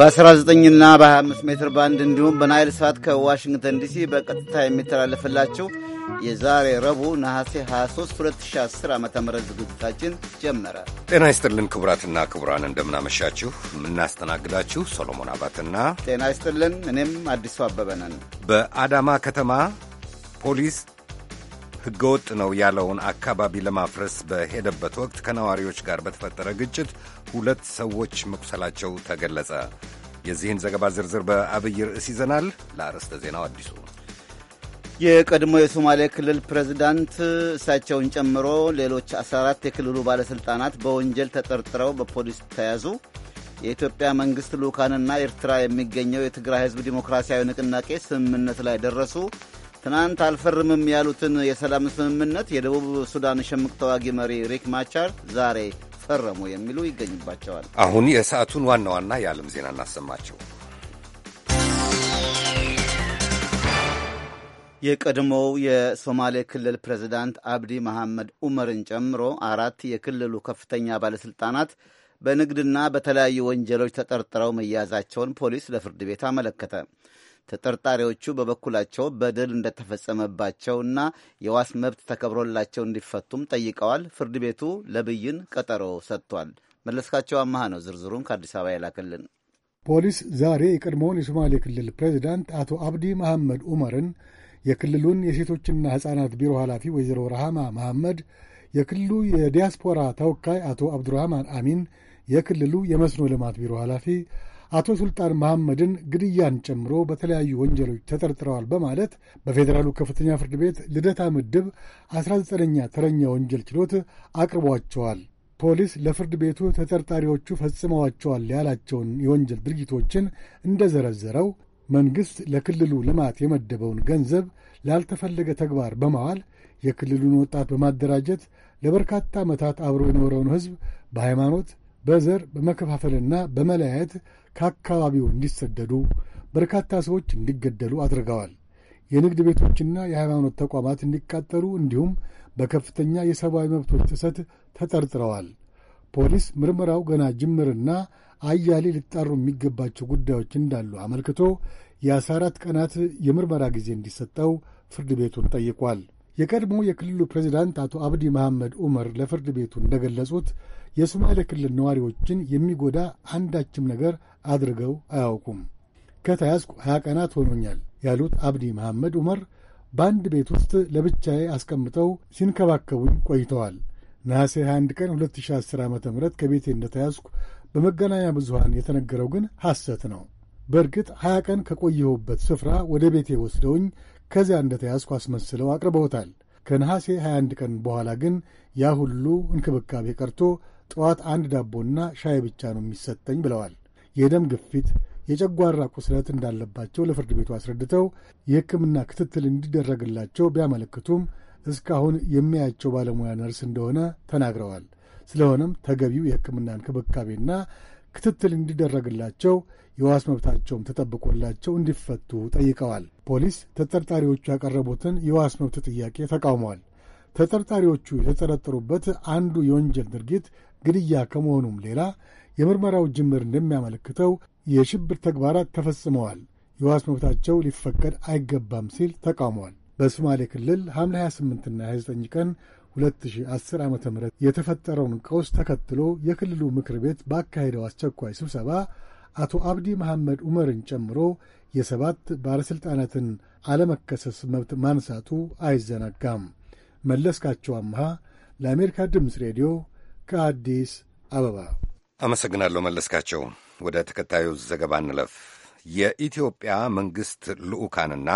በ19ና በ25 ሜትር ባንድ እንዲሁም በናይል ሳት ከዋሽንግተን ዲሲ በቀጥታ የሚተላለፍላችሁ የዛሬ ረቡዕ ነሐሴ 23 2010 ዓ ም ዝግጅታችን ጀመረ። ጤና ይስጥልን ክቡራትና ክቡራን፣ እንደምናመሻችሁ። የምናስተናግዳችሁ ሶሎሞን አባትና ጤና ይስጥልን፣ እኔም አዲሱ አበበ ነን። በአዳማ ከተማ ፖሊስ ሕገወጥ ነው ያለውን አካባቢ ለማፍረስ በሄደበት ወቅት ከነዋሪዎች ጋር በተፈጠረ ግጭት ሁለት ሰዎች መቁሰላቸው ተገለጸ። የዚህን ዘገባ ዝርዝር በአብይ ርዕስ ይዘናል። ለአርዕስተ ዜናው አዲሱ የቀድሞ የሶማሌ ክልል ፕሬዚዳንት እሳቸውን ጨምሮ ሌሎች 14 የክልሉ ባለሥልጣናት በወንጀል ተጠርጥረው በፖሊስ ተያዙ። የኢትዮጵያ መንግሥት ልዑካንና ኤርትራ የሚገኘው የትግራይ ሕዝብ ዲሞክራሲያዊ ንቅናቄ ስምምነት ላይ ደረሱ። ትናንት አልፈርምም ያሉትን የሰላም ስምምነት የደቡብ ሱዳን ሽምቅ ተዋጊ መሪ ሪክ ማቻር ዛሬ ፈረሙ የሚሉ ይገኙባቸዋል። አሁን የሰዓቱን ዋና ዋና የዓለም ዜና እናሰማቸው። የቀድሞው የሶማሌ ክልል ፕሬዚዳንት አብዲ መሐመድ ኡመርን ጨምሮ አራት የክልሉ ከፍተኛ ባለሥልጣናት በንግድና በተለያዩ ወንጀሎች ተጠርጥረው መያዛቸውን ፖሊስ ለፍርድ ቤት አመለከተ። ተጠርጣሪዎቹ በበኩላቸው በደል እንደተፈጸመባቸውና የዋስ መብት ተከብሮላቸው እንዲፈቱም ጠይቀዋል። ፍርድ ቤቱ ለብይን ቀጠሮ ሰጥቷል። መለስካቸው አመሃ ነው ዝርዝሩን ከአዲስ አበባ የላከልን። ፖሊስ ዛሬ የቀድሞውን የሶማሌ ክልል ፕሬዚዳንት አቶ አብዲ መሐመድ ዑመርን፣ የክልሉን የሴቶችና ሕፃናት ቢሮ ኃላፊ ወይዘሮ ረሃማ መሐመድ፣ የክልሉ የዲያስፖራ ተወካይ አቶ አብዱራህማን አሚን፣ የክልሉ የመስኖ ልማት ቢሮ ኃላፊ አቶ ሱልጣን መሐመድን ግድያን ጨምሮ በተለያዩ ወንጀሎች ተጠርጥረዋል በማለት በፌዴራሉ ከፍተኛ ፍርድ ቤት ልደታ ምድብ 19ኛ ተረኛ ወንጀል ችሎት አቅርቧቸዋል። ፖሊስ ለፍርድ ቤቱ ተጠርጣሪዎቹ ፈጽመዋቸዋል ያላቸውን የወንጀል ድርጊቶችን እንደዘረዘረው መንግሥት ለክልሉ ልማት የመደበውን ገንዘብ ላልተፈለገ ተግባር በማዋል የክልሉን ወጣት በማደራጀት ለበርካታ ዓመታት አብሮ የኖረውን ሕዝብ በሃይማኖት፣ በዘር በመከፋፈልና በመለያየት ከአካባቢው እንዲሰደዱ፣ በርካታ ሰዎች እንዲገደሉ አድርገዋል። የንግድ ቤቶችና የሃይማኖት ተቋማት እንዲቃጠሉ እንዲሁም በከፍተኛ የሰብአዊ መብቶች ጥሰት ተጠርጥረዋል። ፖሊስ ምርመራው ገና ጅምርና አያሌ ሊጣሩ የሚገባቸው ጉዳዮች እንዳሉ አመልክቶ የአስራ አራት ቀናት የምርመራ ጊዜ እንዲሰጠው ፍርድ ቤቱን ጠይቋል። የቀድሞ የክልሉ ፕሬዚዳንት አቶ አብዲ መሐመድ ዑመር ለፍርድ ቤቱ እንደገለጹት የሶማሌ ክልል ነዋሪዎችን የሚጎዳ አንዳችም ነገር አድርገው አያውቁም። ከተያዝኩ ሀያ ቀናት ሆኖኛል ያሉት አብዲ መሐመድ ዑመር በአንድ ቤት ውስጥ ለብቻዬ አስቀምጠው ሲንከባከቡኝ ቆይተዋል። ነሐሴ 21 ቀን 2010 ዓ ም ከቤቴ እንደተያዝኩ በመገናኛ ብዙሃን የተነገረው ግን ሐሰት ነው። በእርግጥ 20 ቀን ከቆየሁበት ስፍራ ወደ ቤቴ ወስደውኝ ከዚያ እንደተያዝኩ አስመስለው አቅርበውታል። ከነሐሴ 21 ቀን በኋላ ግን ያ ሁሉ እንክብካቤ ቀርቶ ጠዋት አንድ ዳቦና ሻይ ብቻ ነው የሚሰጠኝ ብለዋል። የደም ግፊት፣ የጨጓራ ቁስለት እንዳለባቸው ለፍርድ ቤቱ አስረድተው የሕክምና ክትትል እንዲደረግላቸው ቢያመለክቱም እስካሁን የሚያያቸው ባለሙያ ነርስ እንደሆነ ተናግረዋል። ስለሆነም ተገቢው የሕክምና እንክብካቤና ክትትል እንዲደረግላቸው የዋስ መብታቸውም ተጠብቆላቸው እንዲፈቱ ጠይቀዋል። ፖሊስ ተጠርጣሪዎቹ ያቀረቡትን የዋስ መብት ጥያቄ ተቃውመዋል። ተጠርጣሪዎቹ የተጠረጠሩበት አንዱ የወንጀል ድርጊት ግድያ ከመሆኑም ሌላ የምርመራው ጅምር እንደሚያመለክተው የሽብር ተግባራት ተፈጽመዋል፣ የዋስ መብታቸው ሊፈቀድ አይገባም ሲል ተቃውሟል። በሶማሌ ክልል ሐምሌ 28ና 29 ቀን 2010 ዓ ም የተፈጠረውን ቀውስ ተከትሎ የክልሉ ምክር ቤት ባካሄደው አስቸኳይ ስብሰባ አቶ አብዲ መሐመድ ዑመርን ጨምሮ የሰባት ባለሥልጣናትን አለመከሰስ መብት ማንሳቱ አይዘነጋም። መለስካቸው አምሃ ለአሜሪካ ድምፅ ሬዲዮ ከአዲስ አበባ አመሰግናለሁ መለስካቸው። ወደ ተከታዩ ዘገባ እንለፍ። የኢትዮጵያ መንግሥት ልዑካንና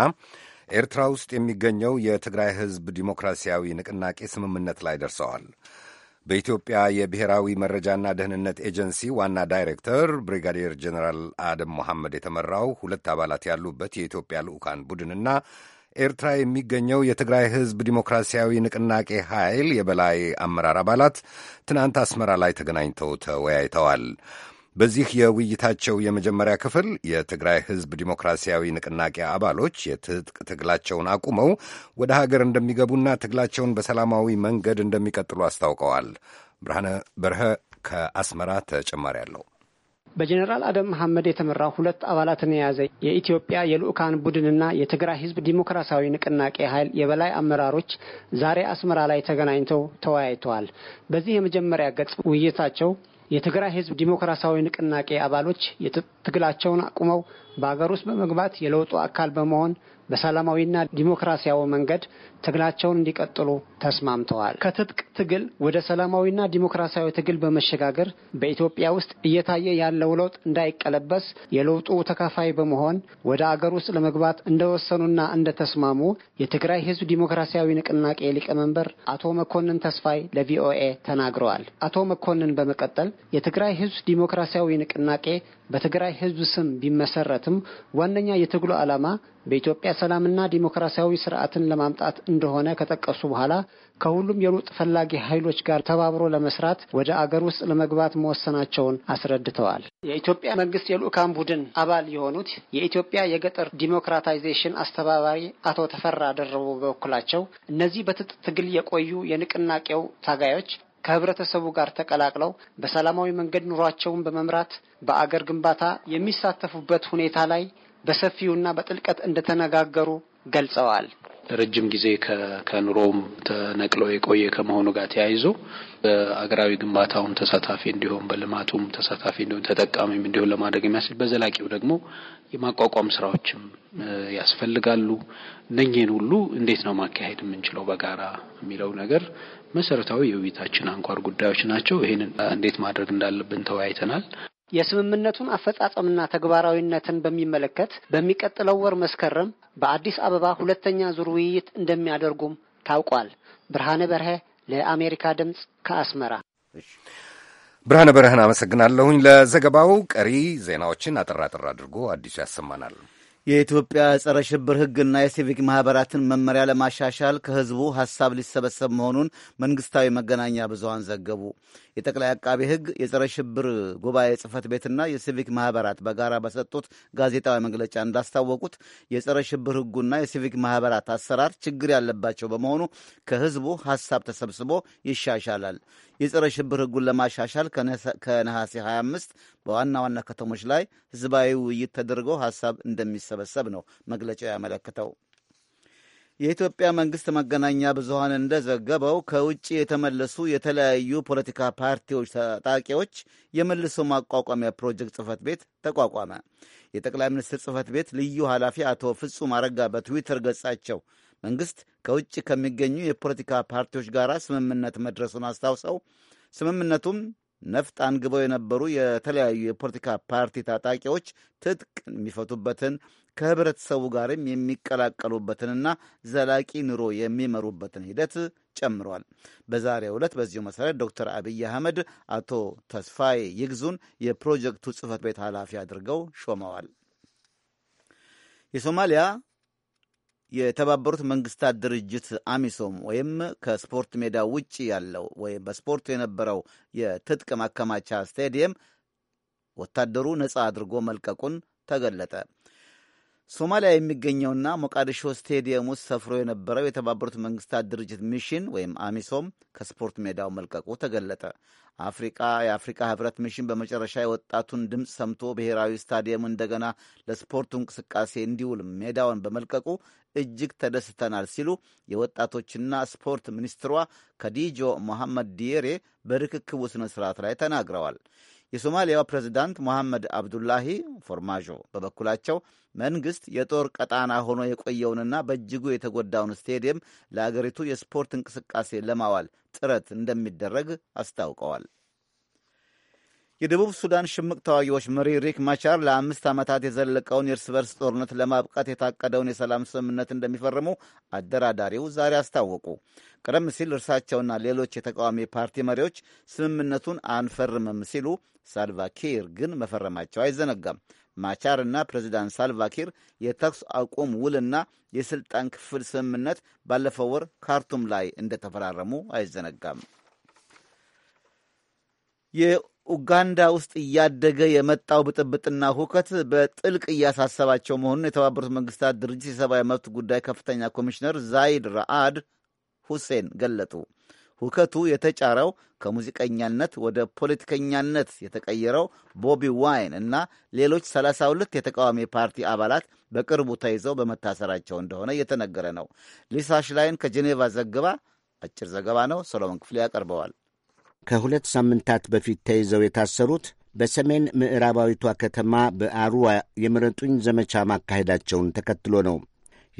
ኤርትራ ውስጥ የሚገኘው የትግራይ ሕዝብ ዲሞክራሲያዊ ንቅናቄ ስምምነት ላይ ደርሰዋል። በኢትዮጵያ የብሔራዊ መረጃና ደህንነት ኤጀንሲ ዋና ዳይሬክተር ብሪጋዴር ጀኔራል አደም መሐመድ የተመራው ሁለት አባላት ያሉበት የኢትዮጵያ ልዑካን ቡድንና ኤርትራ የሚገኘው የትግራይ ህዝብ ዲሞክራሲያዊ ንቅናቄ ኃይል የበላይ አመራር አባላት ትናንት አስመራ ላይ ተገናኝተው ተወያይተዋል። በዚህ የውይይታቸው የመጀመሪያ ክፍል የትግራይ ህዝብ ዲሞክራሲያዊ ንቅናቄ አባሎች የትጥቅ ትግላቸውን አቁመው ወደ ሀገር እንደሚገቡና ትግላቸውን በሰላማዊ መንገድ እንደሚቀጥሉ አስታውቀዋል። ብርሃነ በርሀ ከአስመራ ተጨማሪ አለው። በጀኔራል አደም መሐመድ የተመራው ሁለት አባላትን የያዘ የኢትዮጵያ የልዑካን ቡድንና የትግራይ ሕዝብ ዲሞክራሲያዊ ንቅናቄ ኃይል የበላይ አመራሮች ዛሬ አስመራ ላይ ተገናኝተው ተወያይተዋል። በዚህ የመጀመሪያ ገጽ ውይይታቸው የትግራይ ሕዝብ ዲሞክራሲያዊ ንቅናቄ አባሎች ትግላቸውን አቁመው በሀገር ውስጥ በመግባት የለውጡ አካል በመሆን በሰላማዊና ዲሞክራሲያዊ መንገድ ትግላቸውን እንዲቀጥሉ ተስማምተዋል። ከትጥቅ ትግል ወደ ሰላማዊና ዲሞክራሲያዊ ትግል በመሸጋገር በኢትዮጵያ ውስጥ እየታየ ያለው ለውጥ እንዳይቀለበስ የለውጡ ተካፋይ በመሆን ወደ አገር ውስጥ ለመግባት እንደወሰኑና እንደተስማሙ የትግራይ ሕዝብ ዲሞክራሲያዊ ንቅናቄ ሊቀመንበር አቶ መኮንን ተስፋይ ለቪኦኤ ተናግረዋል። አቶ መኮንን በመቀጠል የትግራይ ሕዝብ ዲሞክራሲያዊ ንቅናቄ በትግራይ ህዝብ ስም ቢመሰረትም ዋነኛ የትግሉ ዓላማ በኢትዮጵያ ሰላምና ዲሞክራሲያዊ ስርዓትን ለማምጣት እንደሆነ ከጠቀሱ በኋላ ከሁሉም የለውጥ ፈላጊ ኃይሎች ጋር ተባብሮ ለመስራት ወደ አገር ውስጥ ለመግባት መወሰናቸውን አስረድተዋል። የኢትዮጵያ መንግስት የልዑካን ቡድን አባል የሆኑት የኢትዮጵያ የገጠር ዲሞክራታይዜሽን አስተባባሪ አቶ ተፈራ ደረቡ በበኩላቸው እነዚህ በትጥቅ ትግል የቆዩ የንቅናቄው ታጋዮች ከህብረተሰቡ ጋር ተቀላቅለው በሰላማዊ መንገድ ኑሯቸውን በመምራት በአገር ግንባታ የሚሳተፉበት ሁኔታ ላይ በሰፊውና በጥልቀት እንደተነጋገሩ ገልጸዋል። ረጅም ጊዜ ከኑሮውም ተነቅሎ የቆየ ከመሆኑ ጋር ተያይዞ በአገራዊ ግንባታውም ተሳታፊ እንዲሆን በልማቱም ተሳታፊ እንዲሆን ተጠቃሚም እንዲሆን ለማድረግ የሚያስችል በዘላቂው ደግሞ የማቋቋም ስራዎችም ያስፈልጋሉ። እነኝህን ሁሉ እንዴት ነው ማካሄድ የምንችለው በጋራ የሚለው ነገር መሰረታዊ የውይይታችን አንኳር ጉዳዮች ናቸው። ይህንን እንዴት ማድረግ እንዳለብን ተወያይተናል። የስምምነቱን አፈጻጸምና ተግባራዊነትን በሚመለከት በሚቀጥለው ወር መስከረም በአዲስ አበባ ሁለተኛ ዙር ውይይት እንደሚያደርጉም ታውቋል። ብርሃነ በርሀ ለአሜሪካ ድምፅ ከአስመራ። ብርሃነ በርህን አመሰግናለሁኝ ለዘገባው። ቀሪ ዜናዎችን አጠር አድርጎ አዲሱ ያሰማናል። የኢትዮጵያ ጸረ ሽብር ሕግና የሲቪክ ማኅበራትን መመሪያ ለማሻሻል ከሕዝቡ ሐሳብ ሊሰበሰብ መሆኑን መንግሥታዊ መገናኛ ብዙሃን ዘገቡ። የጠቅላይ አቃቤ ሕግ የጸረ ሽብር ጉባኤ ጽህፈት ቤትና የሲቪክ ማህበራት በጋራ በሰጡት ጋዜጣዊ መግለጫ እንዳስታወቁት የጸረ ሽብር ሕጉና የሲቪክ ማህበራት አሰራር ችግር ያለባቸው በመሆኑ ከህዝቡ ሀሳብ ተሰብስቦ ይሻሻላል። የጸረ ሽብር ሕጉን ለማሻሻል ከነሐሴ 25 በዋና ዋና ከተሞች ላይ ህዝባዊ ውይይት ተደርጎ ሀሳብ እንደሚሰበሰብ ነው መግለጫው ያመለክተው። የኢትዮጵያ መንግስት መገናኛ ብዙሃን እንደዘገበው ከውጭ የተመለሱ የተለያዩ ፖለቲካ ፓርቲዎች ታጣቂዎች የመልሶ ማቋቋሚያ ፕሮጀክት ጽህፈት ቤት ተቋቋመ። የጠቅላይ ሚኒስትር ጽህፈት ቤት ልዩ ኃላፊ አቶ ፍጹም አረጋ በትዊተር ገጻቸው መንግስት ከውጭ ከሚገኙ የፖለቲካ ፓርቲዎች ጋር ስምምነት መድረሱን አስታውሰው ስምምነቱም ነፍጥ አንግበው የነበሩ የተለያዩ የፖለቲካ ፓርቲ ታጣቂዎች ትጥቅ የሚፈቱበትን ከህብረተሰቡ ጋርም የሚቀላቀሉበትንና ዘላቂ ኑሮ የሚመሩበትን ሂደት ጨምሯል። በዛሬው ዕለት በዚሁ መሠረት ዶክተር አብይ አህመድ አቶ ተስፋዬ ይግዙን የፕሮጀክቱ ጽህፈት ቤት ኃላፊ አድርገው ሾመዋል። የሶማሊያ የተባበሩት መንግስታት ድርጅት አሚሶም ወይም ከስፖርት ሜዳ ውጭ ያለው ወይም በስፖርቱ የነበረው የትጥቅ ማከማቻ ስታዲየም ወታደሩ ነፃ አድርጎ መልቀቁን ተገለጠ። ሶማሊያ የሚገኘውና ሞቃዲሾ ስቴዲየም ውስጥ ሰፍሮ የነበረው የተባበሩት መንግስታት ድርጅት ሚሽን ወይም አሚሶም ከስፖርት ሜዳው መልቀቁ ተገለጠ። አፍሪቃ የአፍሪካ ህብረት ሚሽን በመጨረሻ የወጣቱን ድምፅ ሰምቶ ብሔራዊ ስታዲየም እንደገና ለስፖርቱ እንቅስቃሴ እንዲውል ሜዳውን በመልቀቁ እጅግ ተደስተናል ሲሉ የወጣቶችና ስፖርት ሚኒስትሯ ከዲጆ መሐመድ ዲየሬ በርክክቡ ስነ ስርዓት ላይ ተናግረዋል። የሶማሊያው ፕሬዚዳንት መሐመድ አብዱላሂ ፎርማጆ በበኩላቸው መንግስት የጦር ቀጣና ሆኖ የቆየውንና በእጅጉ የተጎዳውን ስቴዲየም ለአገሪቱ የስፖርት እንቅስቃሴ ለማዋል ጥረት እንደሚደረግ አስታውቀዋል። የደቡብ ሱዳን ሽምቅ ተዋጊዎች መሪ ሪክ ማቻር ለአምስት ዓመታት የዘለቀውን የእርስ በርስ ጦርነት ለማብቃት የታቀደውን የሰላም ስምምነት እንደሚፈርሙ አደራዳሪው ዛሬ አስታወቁ። ቀደም ሲል እርሳቸውና ሌሎች የተቃዋሚ ፓርቲ መሪዎች ስምምነቱን አንፈርምም ሲሉ፣ ሳልቫኪር ግን መፈረማቸው አይዘነጋም። ማቻርና ፕሬዚዳንት ሳልቫኪር የተኩስ አቁም ውልና የስልጣን ክፍል ስምምነት ባለፈው ወር ካርቱም ላይ እንደተፈራረሙ አይዘነጋም። የኡጋንዳ ውስጥ እያደገ የመጣው ብጥብጥና ሁከት በጥልቅ እያሳሰባቸው መሆኑን የተባበሩት መንግስታት ድርጅት የሰብአዊ መብት ጉዳይ ከፍተኛ ኮሚሽነር ዛይድ ራአድ ሁሴን ገለጡ። ሁከቱ የተጫረው ከሙዚቀኛነት ወደ ፖለቲከኛነት የተቀየረው ቦቢ ዋይን እና ሌሎች 32 የተቃዋሚ ፓርቲ አባላት በቅርቡ ተይዘው በመታሰራቸው እንደሆነ እየተነገረ ነው። ሊሳ ሽላይን ከጄኔቫ ዘግባ፣ አጭር ዘገባ ነው። ሰሎሞን ክፍሌ ያቀርበዋል። ከሁለት ሳምንታት በፊት ተይዘው የታሰሩት በሰሜን ምዕራባዊቷ ከተማ በአሩዋ የምረጡኝ ዘመቻ ማካሄዳቸውን ተከትሎ ነው።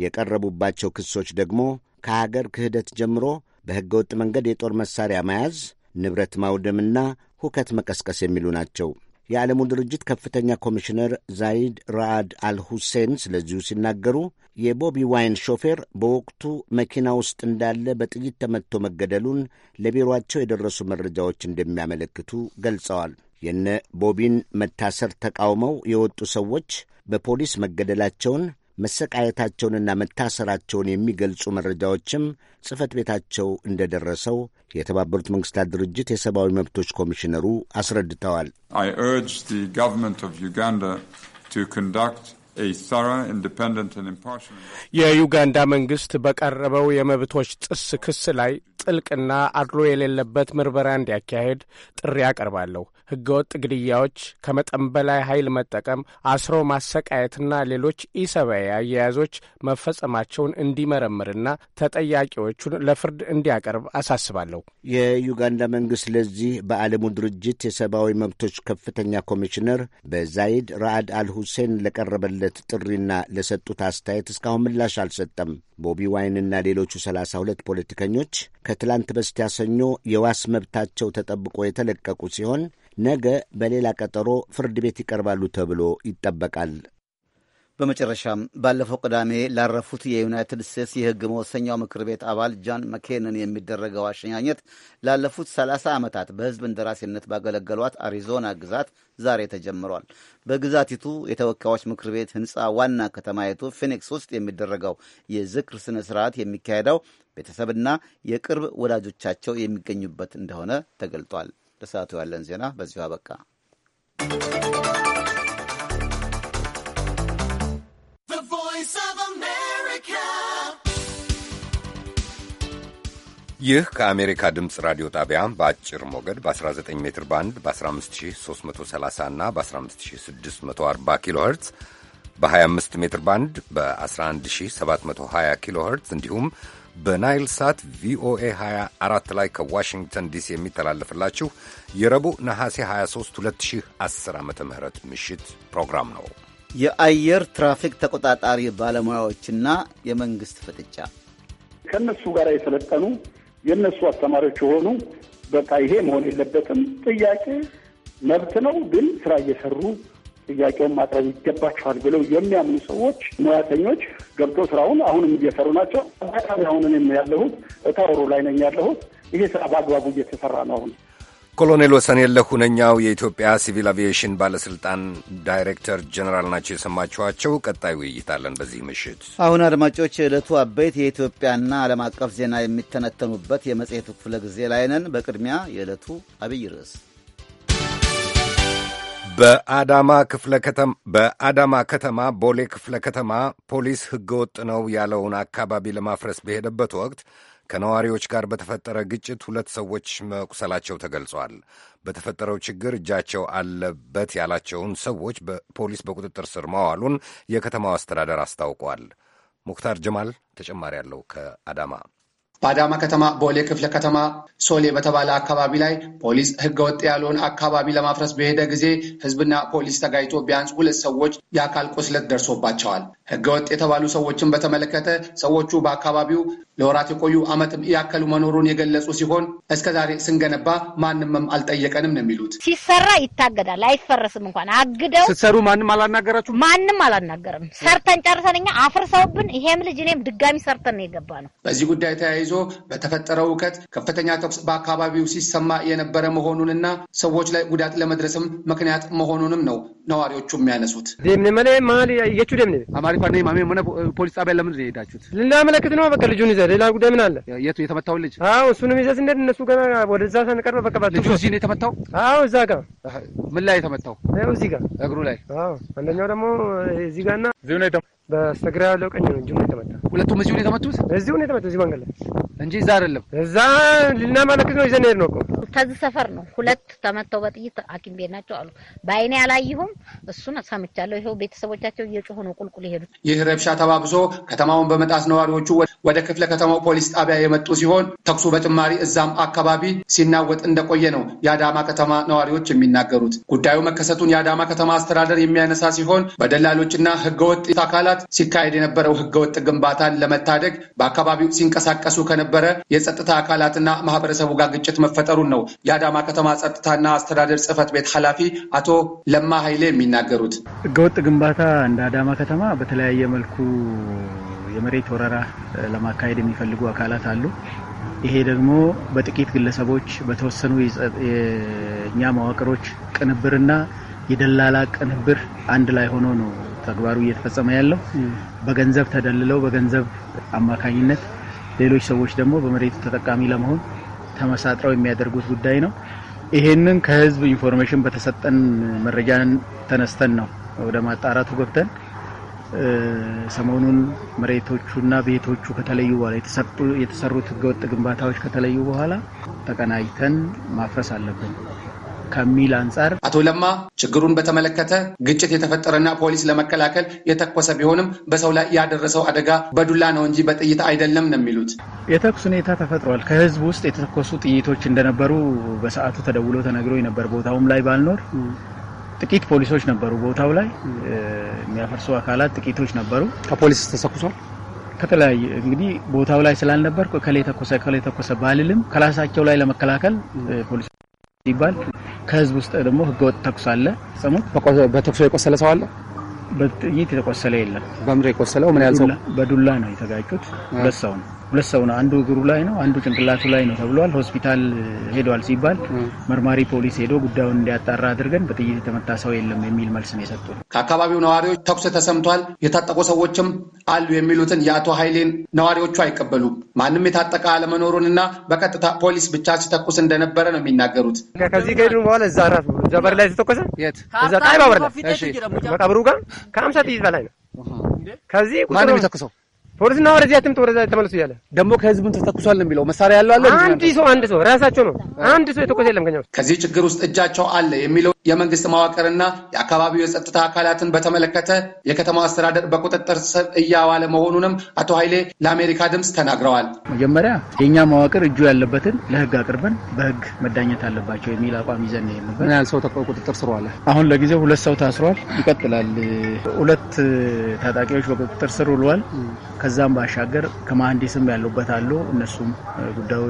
የቀረቡባቸው ክሶች ደግሞ ከሀገር ክህደት ጀምሮ በሕገ ወጥ መንገድ የጦር መሣሪያ መያዝ፣ ንብረት ማውደምና ሁከት መቀስቀስ የሚሉ ናቸው። የዓለሙ ድርጅት ከፍተኛ ኮሚሽነር ዛይድ ራአድ አልሁሴን ስለዚሁ ሲናገሩ የቦቢ ዋይን ሾፌር በወቅቱ መኪና ውስጥ እንዳለ በጥይት ተመትቶ መገደሉን ለቢሮአቸው የደረሱ መረጃዎች እንደሚያመለክቱ ገልጸዋል። የነ ቦቢን መታሰር ተቃውመው የወጡ ሰዎች በፖሊስ መገደላቸውን መሰቃየታቸውንና መታሰራቸውን የሚገልጹ መረጃዎችም ጽህፈት ቤታቸው እንደደረሰው የተባበሩት መንግስታት ድርጅት የሰብአዊ መብቶች ኮሚሽነሩ አስረድተዋል። የዩጋንዳ መንግሥት በቀረበው የመብቶች ጥስ ክስ ላይ ጥልቅና አድሎ የሌለበት ምርመራ እንዲያካሄድ ጥሪ አቀርባለሁ። ህገወጥ ግድያዎች፣ ከመጠን በላይ ኃይል መጠቀም፣ አስሮ ማሰቃየትና ሌሎች ኢሰብአዊ አያያዞች መፈጸማቸውን እንዲመረምርና ተጠያቂዎቹን ለፍርድ እንዲያቀርብ አሳስባለሁ። የዩጋንዳ መንግሥት ለዚህ በዓለሙ ድርጅት የሰብአዊ መብቶች ከፍተኛ ኮሚሽነር በዛይድ ራአድ አልሁሴን ለቀረበለት ጥሪና ለሰጡት አስተያየት እስካሁን ምላሽ አልሰጠም። ቦቢ ዋይንና ሌሎቹ ሰላሳ ሁለት ፖለቲከኞች ከትላንት በስቲያ ሰኞ የዋስ መብታቸው ተጠብቆ የተለቀቁ ሲሆን ነገ በሌላ ቀጠሮ ፍርድ ቤት ይቀርባሉ ተብሎ ይጠበቃል። በመጨረሻም ባለፈው ቅዳሜ ላረፉት የዩናይትድ ስቴትስ የሕግ መወሰኛው ምክር ቤት አባል ጃን መኬንን የሚደረገው አሸኛኘት ላለፉት 30 ዓመታት በሕዝብ እንደራሴነት ባገለገሏት አሪዞና ግዛት ዛሬ ተጀምሯል። በግዛቲቱ የተወካዮች ምክር ቤት ህንፃ ዋና ከተማይቱ ፊኒክስ ውስጥ የሚደረገው የዝክር ስነ ስርዓት የሚካሄደው ቤተሰብና የቅርብ ወዳጆቻቸው የሚገኙበት እንደሆነ ተገልጧል። ለሰዓቱ ያለን ዜና በዚሁ አበቃ። ይህ ከአሜሪካ ድምፅ ራዲዮ ጣቢያ በአጭር ሞገድ በ19 ሜትር ባንድ በ15330 እና በ15640 ኪሎ ኸርትዝ በ25 ሜትር ባንድ በ11720 ኪሎ ኸርትዝ እንዲሁም በናይል ሳት ቪኦኤ 24 ላይ ከዋሽንግተን ዲሲ የሚተላለፍላችሁ የረቡዕ ነሐሴ 23 2010 ዓ ም ምሽት ፕሮግራም ነው። የአየር ትራፊክ ተቆጣጣሪ ባለሙያዎችና የመንግሥት ፍጥጫ ከእነሱ ጋር የሰለጠኑ የእነሱ አስተማሪዎች የሆኑ በቃ ይሄ መሆን የለበትም ጥያቄ መብት ነው፣ ግን ስራ እየሰሩ ጥያቄውን ማቅረብ ይገባቸዋል ብለው የሚያምኑ ሰዎች፣ ሙያተኞች ገብቶ ስራውን አሁንም እየሰሩ ናቸው። አካባቢ አሁንም ያለሁት እታወሩ ላይ ነኝ ያለሁት። ይሄ ስራ በአግባቡ እየተሰራ ነው። አሁን ኮሎኔል ወሰንየለህ ሁነኛው የኢትዮጵያ ሲቪል አቪዬሽን ባለስልጣን ዳይሬክተር ጀኔራል ናቸው የሰማችኋቸው። ቀጣይ ውይይት አለን በዚህ ምሽት። አሁን አድማጮች፣ የዕለቱ አበይት የኢትዮጵያና ዓለም አቀፍ ዜና የሚተነተኑበት የመጽሔቱ ክፍለ ጊዜ ላይ ነን። በቅድሚያ የዕለቱ አብይ ርዕስ በአዳማ ክፍለ ከተማ በአዳማ ከተማ ቦሌ ክፍለ ከተማ ፖሊስ ሕገወጥ ነው ያለውን አካባቢ ለማፍረስ በሄደበት ወቅት ከነዋሪዎች ጋር በተፈጠረ ግጭት ሁለት ሰዎች መቁሰላቸው ተገልጿል። በተፈጠረው ችግር እጃቸው አለበት ያላቸውን ሰዎች ፖሊስ በቁጥጥር ስር ማዋሉን የከተማው አስተዳደር አስታውቋል። ሙክታር ጀማል ተጨማሪ አለው ከአዳማ በአዳማ ከተማ ቦሌ ክፍለ ከተማ ሶሌ በተባለ አካባቢ ላይ ፖሊስ ህገወጥ ያለውን አካባቢ ለማፍረስ በሄደ ጊዜ ህዝብና ፖሊስ ተጋይቶ ቢያንስ ሁለት ሰዎች የአካል ቁስለት ደርሶባቸዋል። ህገወጥ የተባሉ ሰዎችን በተመለከተ ሰዎቹ በአካባቢው ለወራት የቆዩ አመትም ያከሉ መኖሩን የገለጹ ሲሆን እስከዛሬ ስንገነባ ማንምም አልጠየቀንም ነው የሚሉት። ሲሰራ ይታገዳል፣ አይፈረስም። እንኳን አግደው ስትሰሩ ማንም አላናገራችሁ? ማንም አላናገርም። ሰርተን ጨርሰን እኛ አፍርሰውብን፣ ይሄም ልጅ እኔም ድጋሚ ሰርተን ነው የገባ ነው። በዚህ ጉዳይ ተያይዞ ተያይዞ በተፈጠረው እውከት ከፍተኛ ተኩስ በአካባቢው ሲሰማ የነበረ መሆኑንና ሰዎች ላይ ጉዳት ለመድረስም ምክንያት መሆኑንም ነው ነዋሪዎቹ የሚያነሱት። ፖሊስ ጣቢያ ለምን ሄዳችሁት? ልናመለክት ነው። በቃ ልጁን ይዘህ ሌላ ጉዳይ ምን አለ? የቱ የተመታው ልጅ? አዎ እሱንም ይዘህ ስንሄድ እነሱ ገና ወደዛ ሳንቀርበ በቃ ልጁ እዚህ ነው የተመታው። አዎ እዛ ጋር ምን ላይ የተመታው? እዚህ ጋር እግሩ ላይ። አንደኛው ደግሞ እዚህ ጋርና በስተግራ ያለው ቀኝ ነው እንጂ የተመታ ሁለቱም እዚሁ ነው የተመቱት። እዚሁ ነው የተመቱት እዚህ መንገድ ላይ እንጂ እዛ አይደለም። እዛ ልናመለክት ነው ይዘን ሄድ ነው እኮ ከዚህ ሰፈር ነው። ሁለት ተመተው በጥይት ሐኪም ቤት ናቸው አሉ። በአይኔ አላየሁም፣ እሱን ሰምቻለሁ። ይኸው ቤተሰቦቻቸው እየጮሁ ነው ቁልቁል የሄዱት። ይህ ረብሻ ተባብሶ ከተማውን በመጣስ ነዋሪዎቹ ወደ ክፍለ ከተማው ፖሊስ ጣቢያ የመጡ ሲሆን ተኩሱ በጭማሪ እዛም አካባቢ ሲናወጥ እንደቆየ ነው የአዳማ ከተማ ነዋሪዎች የሚናገሩት። ጉዳዩ መከሰቱን የአዳማ ከተማ አስተዳደር የሚያነሳ ሲሆን በደላሎችና ህገወጥ አካላት ሲካሄድ የነበረው ህገወጥ ግንባታን ለመታደግ በአካባቢው ሲንቀሳቀሱ ከነበ ከነበረ የጸጥታ አካላትና ማህበረሰቡ ጋር ግጭት መፈጠሩን ነው የአዳማ ከተማ ጸጥታና አስተዳደር ጽህፈት ቤት ኃላፊ አቶ ለማ ኃይሌ የሚናገሩት። ህገወጥ ግንባታ እንደ አዳማ ከተማ በተለያየ መልኩ የመሬት ወረራ ለማካሄድ የሚፈልጉ አካላት አሉ። ይሄ ደግሞ በጥቂት ግለሰቦች በተወሰኑ የእኛ መዋቅሮች ቅንብርና የደላላ ቅንብር አንድ ላይ ሆኖ ነው ተግባሩ እየተፈጸመ ያለው። በገንዘብ ተደልለው በገንዘብ አማካኝነት ሌሎች ሰዎች ደግሞ በመሬቱ ተጠቃሚ ለመሆን ተመሳጥረው የሚያደርጉት ጉዳይ ነው። ይሄንን ከህዝብ ኢንፎርሜሽን በተሰጠን መረጃን ተነስተን ነው ወደ ማጣራቱ ገብተን ሰሞኑን መሬቶቹና ቤቶቹ ከተለዩ በኋላ የተሰሩት ህገወጥ ግንባታዎች ከተለዩ በኋላ ተቀናጅተን ማፍረስ አለብን። ከሚል አንጻር አቶ ለማ ችግሩን በተመለከተ ግጭት የተፈጠረና ፖሊስ ለመከላከል የተኮሰ ቢሆንም በሰው ላይ ያደረሰው አደጋ በዱላ ነው እንጂ በጥይት አይደለም ነው የሚሉት። የተኩስ ሁኔታ ተፈጥሯል። ከህዝብ ውስጥ የተተኮሱ ጥይቶች እንደነበሩ በሰዓቱ ተደውሎ ተነግሮ ነበር። ቦታውም ላይ ባልኖር ጥቂት ፖሊሶች ነበሩ ቦታው ላይ የሚያፈርሱ አካላት ጥቂቶች ነበሩ። ከፖሊስ ተሰኩሷል። ከተለያየ እንግዲህ ቦታው ላይ ስላልነበር ከላይ ተኮሰ ከላይ ተኮሰ ባልልም ከራሳቸው ላይ ለመከላከል ፖሊስ ይባል ከህዝብ ውስጥ ደግሞ ህገወጥ ተኩስ አለ። ሰሞን በተኩስ የቆሰለ ሰው አለ። በጥይት የተቆሰለ የለም። በምድር የቆሰለው ምን ያህል ሰው? በዱላ ነው የተጋጩት። ሁለት ሰው ነው ሁለት ሰው ነው፣ አንዱ እግሩ ላይ ነው፣ አንዱ ጭንቅላቱ ላይ ነው ተብሏል። ሆስፒታል ሄዷል ሲባል መርማሪ ፖሊስ ሄዶ ጉዳዩን እንዲያጣራ አድርገን በጥይት የተመታ ሰው የለም የሚል መልስ ነው የሰጡት። ከአካባቢው ነዋሪዎች ተኩስ ተሰምቷል፣ የታጠቁ ሰዎችም አሉ የሚሉትን የአቶ ኃይሌን ነዋሪዎቹ አይቀበሉም። ማንም የታጠቀ አለመኖሩንና በቀጥታ ፖሊስ ብቻ ሲተኩስ እንደነበረ ነው የሚናገሩት። ከዚህ ከሄዱ በኋላ እዛ አረፉ። ጀበር ላይ ተተኮሰ። እዛ ጣይ ባበር ላይ መቃብሩ ጋር ጥይት በላይ ነው። ከዚህ ማንም የተኩሰው ፖሊስና ወደዚህ አትምጡ ወደዛ ተመለሱ እያለ ደግሞ ከህዝብን ተተኩሷል ነው የሚለው። መሳሪያ ያለው አለ አንድ ሰው አንድ ሰው ራሳቸው ነው አንድ ሰው የተኮሰ የለም። ከኛ ከዚህ ችግር ውስጥ እጃቸው አለ የሚለው የመንግስት መዋቅርና የአካባቢው የጸጥታ አካላትን በተመለከተ የከተማው አስተዳደር በቁጥጥር ስር እያዋለ መሆኑንም አቶ ኃይሌ ለአሜሪካ ድምፅ ተናግረዋል። መጀመሪያ የእኛ መዋቅር እጁ ያለበትን ለህግ አቅርበን በህግ መዳኘት አለባቸው የሚል አቋም ይዘን ነው። ምን ያህል ሰው ቁጥጥር ስር ዋለ? አሁን ለጊዜው ሁለት ሰው ታስሯል፣ ይቀጥላል። ሁለት ታጣቂዎች በቁጥጥር ስር ውለዋል። ከዛም ባሻገር ከመሀንዲስም ያሉበት አሉ። እነሱም ጉዳዩ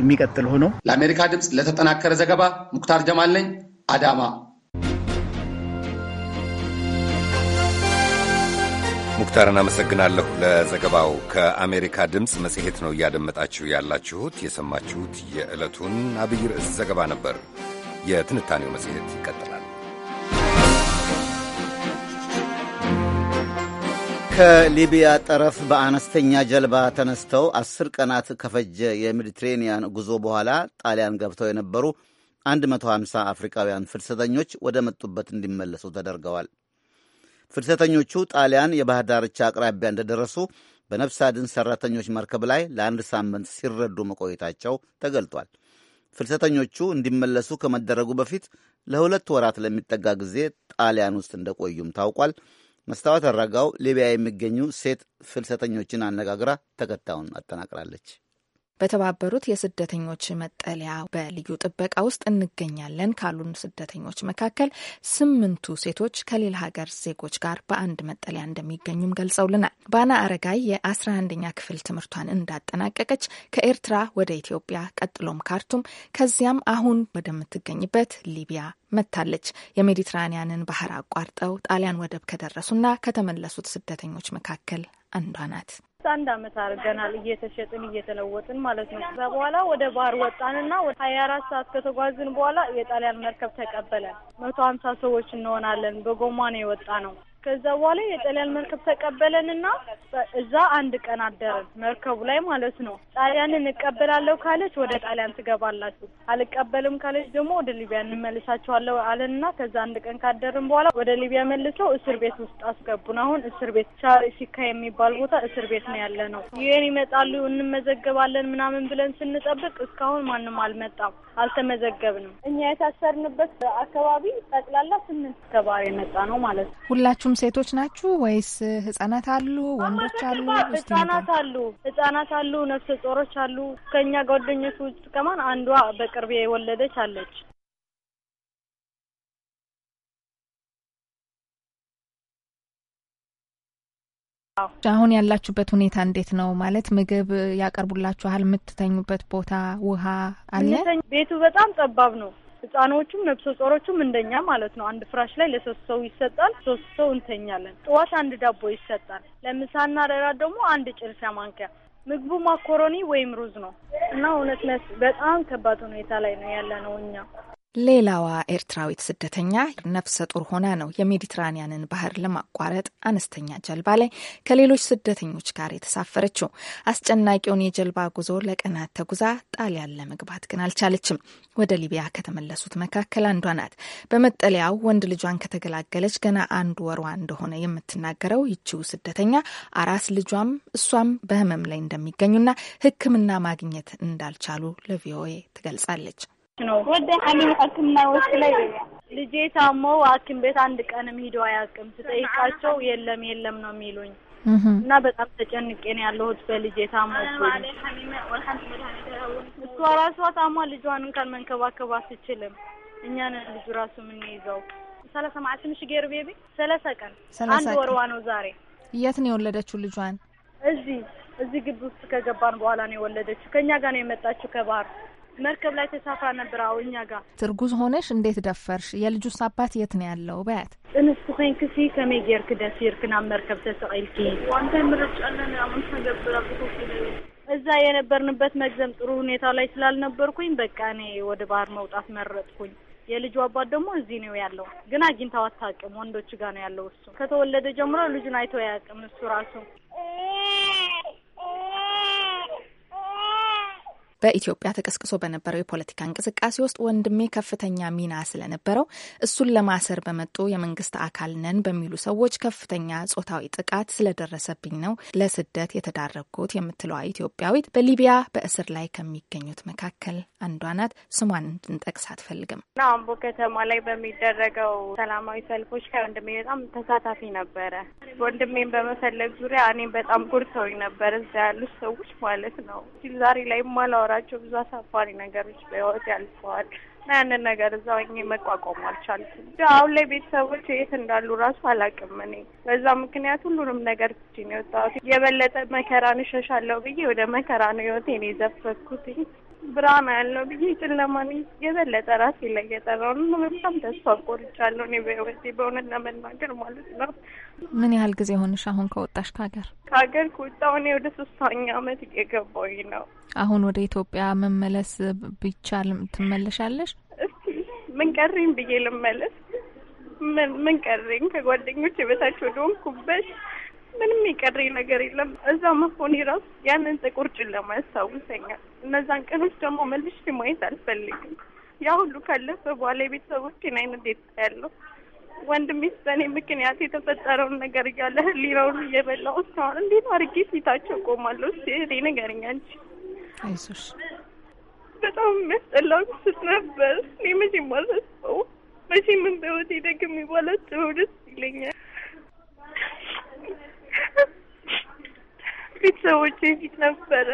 የሚቀጥል ሆነው ለአሜሪካ ድምፅ ለተጠናከረ ዘገባ ሙክታር ጀማል ነኝ አዳማ። ሙክታር እናመሰግናለሁ ለዘገባው። ከአሜሪካ ድምፅ መጽሔት ነው እያደመጣችሁ ያላችሁት። የሰማችሁት የዕለቱን አብይ ርዕስ ዘገባ ነበር። የትንታኔው መጽሔት ይቀጥላል። ከሊቢያ ጠረፍ በአነስተኛ ጀልባ ተነስተው አስር ቀናት ከፈጀ የሜዲትሬኒያን ጉዞ በኋላ ጣሊያን ገብተው የነበሩ 150 አፍሪካውያን ፍልሰተኞች ወደ መጡበት እንዲመለሱ ተደርገዋል። ፍልሰተኞቹ ጣሊያን የባህር ዳርቻ አቅራቢያ እንደደረሱ በነፍስ አድን ሠራተኞች መርከብ ላይ ለአንድ ሳምንት ሲረዱ መቆየታቸው ተገልጧል። ፍልሰተኞቹ እንዲመለሱ ከመደረጉ በፊት ለሁለት ወራት ለሚጠጋ ጊዜ ጣሊያን ውስጥ እንደቆዩም ታውቋል። መስታወት አራጋው ሊቢያ የሚገኙ ሴት ፍልሰተኞችን አነጋግራ ተከታዩን አጠናቅራለች። በተባበሩት የስደተኞች መጠለያ በልዩ ጥበቃ ውስጥ እንገኛለን ካሉን ስደተኞች መካከል ስምንቱ ሴቶች ከሌላ ሀገር ዜጎች ጋር በአንድ መጠለያ እንደሚገኙም ገልጸውልናል። ባና አረጋይ የአስራ አንደኛ ክፍል ትምህርቷን እንዳጠናቀቀች ከኤርትራ ወደ ኢትዮጵያ ቀጥሎም ካርቱም ከዚያም አሁን ወደምትገኝበት ሊቢያ መታለች። የሜዲትራኒያንን ባህር አቋርጠው ጣሊያን ወደብ ከደረሱና ከተመለሱት ስደተኞች መካከል አንዷ ናት። አንድ አመት አድርገናል እየተሸጥን እየተለወጥን ማለት ነው። ከዛ በኋላ ወደ ባህር ወጣንና ወደ ሀያ አራት ሰዓት ከተጓዝን በኋላ የጣሊያን መርከብ ተቀበለ። መቶ ሀምሳ ሰዎች እንሆናለን። በጎማ ነው የወጣ ነው። ከዛ በኋላ የጣሊያን መርከብ ተቀበለንና እዛ አንድ ቀን አደርን መርከቡ ላይ ማለት ነው። ጣሊያንን እቀበላለሁ ካለች ወደ ጣሊያን ትገባላችሁ፣ አልቀበልም ካለች ደግሞ ወደ ሊቢያ እንመልሳቸዋለሁ አለንና ከዛ አንድ ቀን ካደርን በኋላ ወደ ሊቢያ መልሰው እስር ቤት ውስጥ አስገቡን። አሁን እስር ቤት ሲካ የሚባል ቦታ እስር ቤት ነው ያለ ነው። ዩኤን ይመጣሉ እንመዘገባለን ምናምን ብለን ስንጠብቅ እስካሁን ማንም አልመጣም፣ አልተመዘገብንም። እኛ የታሰርንበት አካባቢ ጠቅላላ ስምንት ከባሪ የመጣ ነው ማለት ነው። ሁላችሁም ሁሉም ሴቶች ናችሁ ወይስ ህጻናት አሉ? ወንዶች አሉ? ህጻናት አሉ፣ ህጻናት አሉ፣ ነፍሰ ጦሮች አሉ። ከእኛ ጓደኞች ውስጥ ከማን አንዷ በቅርቤ የወለደች አለች። አሁን ያላችሁበት ሁኔታ እንዴት ነው? ማለት ምግብ ያቀርቡላችኋል? የምትተኙበት ቦታ ውሃ አለ? ቤቱ በጣም ጠባብ ነው። ህጻኖቹም ነብሰ ጾሮቹም እንደኛ ማለት ነው። አንድ ፍራሽ ላይ ለሶስት ሰው ይሰጣል። ሶስት ሰው እንተኛለን። ጠዋት አንድ ዳቦ ይሰጣል። ለምሳና ለራት ደግሞ አንድ ጭልፋ ማንኪያ። ምግቡ ማኮሮኒ ወይም ሩዝ ነው እና እውነት በጣም ከባድ ሁኔታ ላይ ነው ያለ ነው እኛ ሌላዋ ኤርትራዊት ስደተኛ ነፍሰ ጡር ሆና ነው የሜዲትራኒያንን ባህር ለማቋረጥ አነስተኛ ጀልባ ላይ ከሌሎች ስደተኞች ጋር የተሳፈረችው። አስጨናቂውን የጀልባ ጉዞ ለቀናት ተጉዛ ጣሊያን ለመግባት ግን አልቻለችም። ወደ ሊቢያ ከተመለሱት መካከል አንዷ ናት። በመጠለያው ወንድ ልጇን ከተገላገለች ገና አንድ ወሯ እንደሆነ የምትናገረው ይቺው ስደተኛ አራስ ልጇም እሷም በህመም ላይ እንደሚገኙና ሕክምና ማግኘት እንዳልቻሉ ለቪኦኤ ትገልጻለች። ነው ወደ ሐኪም ሕክምና ወስድ ላይ ልጄ ታሞ ሐኪም ቤት አንድ ቀንም ሂዶ አያውቅም። ስጠይቃቸው የለም የለም ነው የሚሉኝ እና በጣም ተጨንቄ ነው ያለሁት በልጄ ታሞ። እሷ ራሷ ታሟ ልጇን እንኳን መንከባከብ አትችልም። እኛን ልጁ ራሱ የምንይዘው ሰላሳ ማለት ትንሽ ጌር ቤቢ ሰላሳ ቀን አንድ ወርዋ ነው ዛሬ። የት ነው የወለደችው ልጇን? እዚህ እዚህ ግቢ ውስጥ ከገባን በኋላ ነው የወለደችው። ከእኛ ጋር ነው የመጣችው ከባህር መርከብ ላይ ተሳፍራ ነበር። አዎ እኛ ጋር ትርጉዝ ሆነሽ እንዴት ደፈርሽ? የልጁስ አባት የት ነው ያለው? በያት እንስቱ ኮይን ክሲ ከመይ ጌርክ ደፊርክ ናብ መርከብ ተሰቂልኪ ዋንታይ ምርጫለን አምንት ገብራ እዛ የነበርንበት መግዘም ጥሩ ሁኔታ ላይ ስላልነበርኩኝ በቃ እኔ ወደ ባህር መውጣት መረጥኩኝ። የልጁ አባት ደግሞ እዚህ ነው ያለው፣ ግን አግኝታው አታውቅም። ወንዶች ጋር ነው ያለው። እሱ ከተወለደ ጀምሮ ልጁን አይቶ አያውቅም እሱ ራሱ በኢትዮጵያ ተቀስቅሶ በነበረው የፖለቲካ እንቅስቃሴ ውስጥ ወንድሜ ከፍተኛ ሚና ስለነበረው እሱን ለማሰር በመጡ የመንግስት አካል ነን በሚሉ ሰዎች ከፍተኛ ጾታዊ ጥቃት ስለደረሰብኝ ነው ለስደት የተዳረጉት የምትለዋ ኢትዮጵያዊት በሊቢያ በእስር ላይ ከሚገኙት መካከል አንዷ ናት። ስሟን እንድንጠቅስ አትፈልግም። አምቦ ከተማ ላይ በሚደረገው ሰላማዊ ሰልፎች ከወንድሜ በጣም ተሳታፊ ነበረ። ወንድሜን በመፈለግ ዙሪያ እኔም በጣም ጎድተውኝ ነበር፣ እዛ ያሉት ሰዎች ማለት ነው። ዛሬ ላይ ማላወራ በነበራቸው ብዙ አሳፋሪ ነገሮች በህይወት ያልፈዋል እና ያንን ነገር እዛ ሆኜ መቋቋም አልቻልኩም። አሁን ላይ ቤተሰቦች የት እንዳሉ ራሱ አላውቅም። እኔ በዛ ምክንያት ሁሉንም ነገር ትቼ ነው የወጣሁት። የበለጠ መከራን እሸሻለሁ ብዬ ወደ መከራ ነው ህይወቴን የዘፈኩትኝ። ብርሃን ያለው ብዬ ጨለማን የበለጠ ራሴ ላይ የጠራው ነው። በጣም ተስፋ ቆርጫለሁ እኔ በህይወቴ በእውነት ለመናገር ማለት ነው። ምን ያህል ጊዜ ሆንሽ አሁን ከወጣሽ ከሀገር? ከሀገር ከወጣሁ እኔ ወደ ሶስተኛ አመት እየገባሁኝ ነው። አሁን ወደ ኢትዮጵያ መመለስ ቢቻል ትመለሻለሽ? እስቲ ምን ቀረኝ ብዬ ልመለስ? ምን ምን ቀረኝ? ከጓደኞች የበታች ወደ ሆንኩበት ምንም የቀረኝ ነገር የለም። እዛ መሆኔ ራሱ ያንን ጥቁር ጭን ለማያስታውሰኛል እነዛን ቀኖች ደግሞ መልሼ ማየት አልፈልግም። ያ ሁሉ ካለፈ በኋላ የቤተሰቦቼን አይነት ዴታ ያለው ወንድሜ በእኔ ምክንያት የተፈጠረውን ነገር እያለ ህሊናውን እየበላው እስካሁን እንዴት አድርጌ ፊታቸው ቆማለሁ? እስኪ እህቴ ንገሪኝ አንቺ። አይዞሽ በጣም የሚያስጠላው ክስት ነበር። እኔ መቼም አልረሳው መቼም ምን በህይወቴ ደግሜ ባላስበው ደስ ይለኛል። ቤተሰቦቼ ፊት ነበረ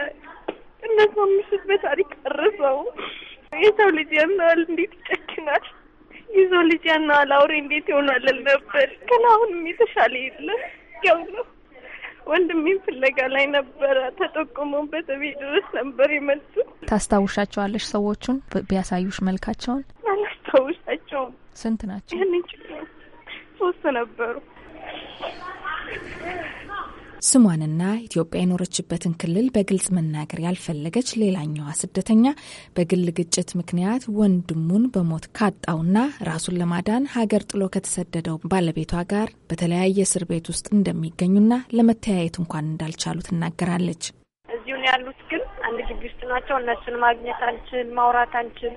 እነሰው ምሽት በታሪክ ቀርሰው የሰው ልጅ ያናዋል እንዴት ይጨክናል? የሰው ልጅ ያናዋል አውሬ እንዴት ይሆናል ነበር። ግን አሁንም የተሻለ የለም። ያው ነው። ወንድሜን ፍለጋ ላይ ነበረ። ተጠቁሞበት ቤት ድረስ ነበር የመጡት። ታስታውሻቸዋለሽ? ሰዎቹን ቢያሳዩሽ መልካቸውን? አላስታውሻቸውም። ስንት ናቸው? ይህንን ሶስት ነበሩ። ስሟንና ኢትዮጵያ የኖረችበትን ክልል በግልጽ መናገር ያልፈለገች ሌላኛዋ ስደተኛ በግል ግጭት ምክንያት ወንድሙን በሞት ካጣውና ራሱን ለማዳን ሀገር ጥሎ ከተሰደደው ባለቤቷ ጋር በተለያየ እስር ቤት ውስጥ እንደሚገኙና ለመተያየት እንኳን እንዳልቻሉ ትናገራለች። እዚሁን ያሉት ግን አንድ ግቢ ውስጥ ናቸው። እነሱን ማግኘት አንችል፣ ማውራት አንችል።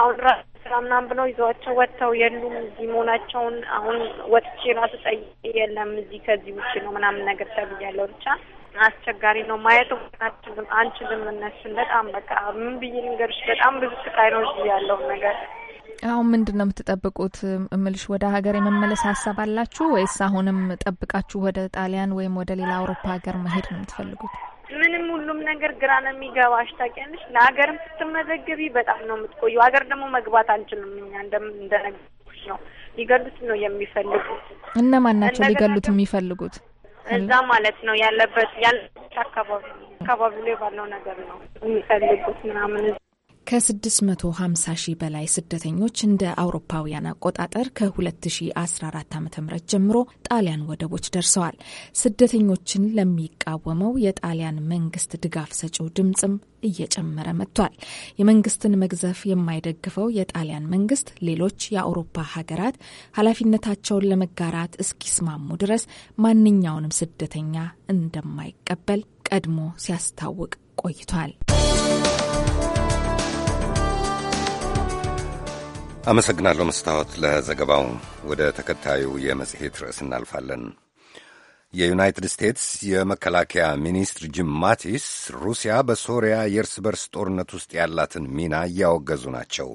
አሁን ራሱ ስራ ምናምን ብለው ይዘዋቸው ወጥተው የሉም እዚህ መሆናቸውን አሁን ወጥቼ ራሱ ጠይቄ የለም እዚህ ከዚህ ውጭ ነው ምናምን ነገር ተብያለሁ። ብቻ አስቸጋሪ ነው ማየት አንችልም አንችልም እነሱን በጣም በቃ ምን ብዬ ልንገርሽ በጣም ብዙ ስቃይ ነው እዚህ ያለው ነገር። አሁን ምንድን ነው የምትጠብቁት? እምልሽ ወደ ሀገር የመመለስ ሀሳብ አላችሁ ወይስ አሁንም ጠብቃችሁ ወደ ጣሊያን ወይም ወደ ሌላ አውሮፓ ሀገር መሄድ ነው የምትፈልጉት? ምንም ሁሉም ነገር ግራ ነው የሚገባሽ። ታውቂያለሽ፣ ለሀገርም ስትመዘገቢ በጣም ነው የምትቆዩ። ሀገር ደግሞ መግባት አንችልም እኛ እንደነገርኩሽ ነው። ሊገሉት ነው የሚፈልጉት። እነማን ናቸው ሊገሉት የሚፈልጉት? እዛ ማለት ነው ያለበት ያለበት አካባቢ አካባቢ ላይ ባለው ነገር ነው የሚፈልጉት ምናምን ከ650 ሺህ በላይ ስደተኞች እንደ አውሮፓውያን አቆጣጠር ከ2014 ዓ ም ጀምሮ ጣሊያን ወደቦች ደርሰዋል። ስደተኞችን ለሚቃወመው የጣሊያን መንግስት ድጋፍ ሰጪው ድምፅም እየጨመረ መጥቷል። የመንግስትን መግዘፍ የማይደግፈው የጣሊያን መንግስት ሌሎች የአውሮፓ ሀገራት ኃላፊነታቸውን ለመጋራት እስኪስማሙ ድረስ ማንኛውንም ስደተኛ እንደማይቀበል ቀድሞ ሲያስታውቅ ቆይቷል። አመሰግናለሁ መስታወት ለዘገባው። ወደ ተከታዩ የመጽሔት ርዕስ እናልፋለን። የዩናይትድ ስቴትስ የመከላከያ ሚኒስትር ጂም ማቲስ ሩሲያ በሶሪያ የእርስ በርስ ጦርነት ውስጥ ያላትን ሚና እያወገዙ ናቸው።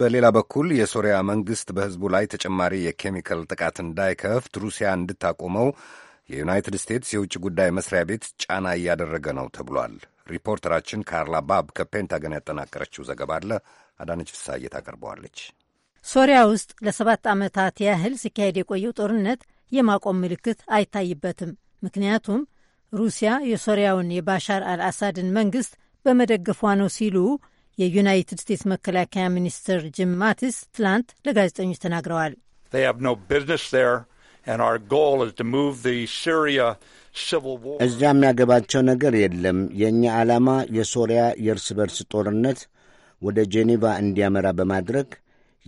በሌላ በኩል የሶሪያ መንግሥት በሕዝቡ ላይ ተጨማሪ የኬሚካል ጥቃት እንዳይከፍት ሩሲያ እንድታቆመው የዩናይትድ ስቴትስ የውጭ ጉዳይ መስሪያ ቤት ጫና እያደረገ ነው ተብሏል። ሪፖርተራችን ካርላ ባብ ከፔንታገን ያጠናቀረችው ዘገባ አለ አዳነች ፍስሐዬ ታቀርበዋለች። ሶሪያ ውስጥ ለሰባት ዓመታት ያህል ሲካሄድ የቆየው ጦርነት የማቆም ምልክት አይታይበትም። ምክንያቱም ሩሲያ የሶሪያውን የባሻር አልአሳድን መንግስት በመደገፏ ነው ሲሉ የዩናይትድ ስቴትስ መከላከያ ሚኒስትር ጂም ማቲስ ትላንት ለጋዜጠኞች ተናግረዋል። እዚያ የሚያገባቸው ነገር የለም። የእኛ ዓላማ የሶሪያ የእርስ በርስ ጦርነት ወደ ጄኔቫ እንዲያመራ በማድረግ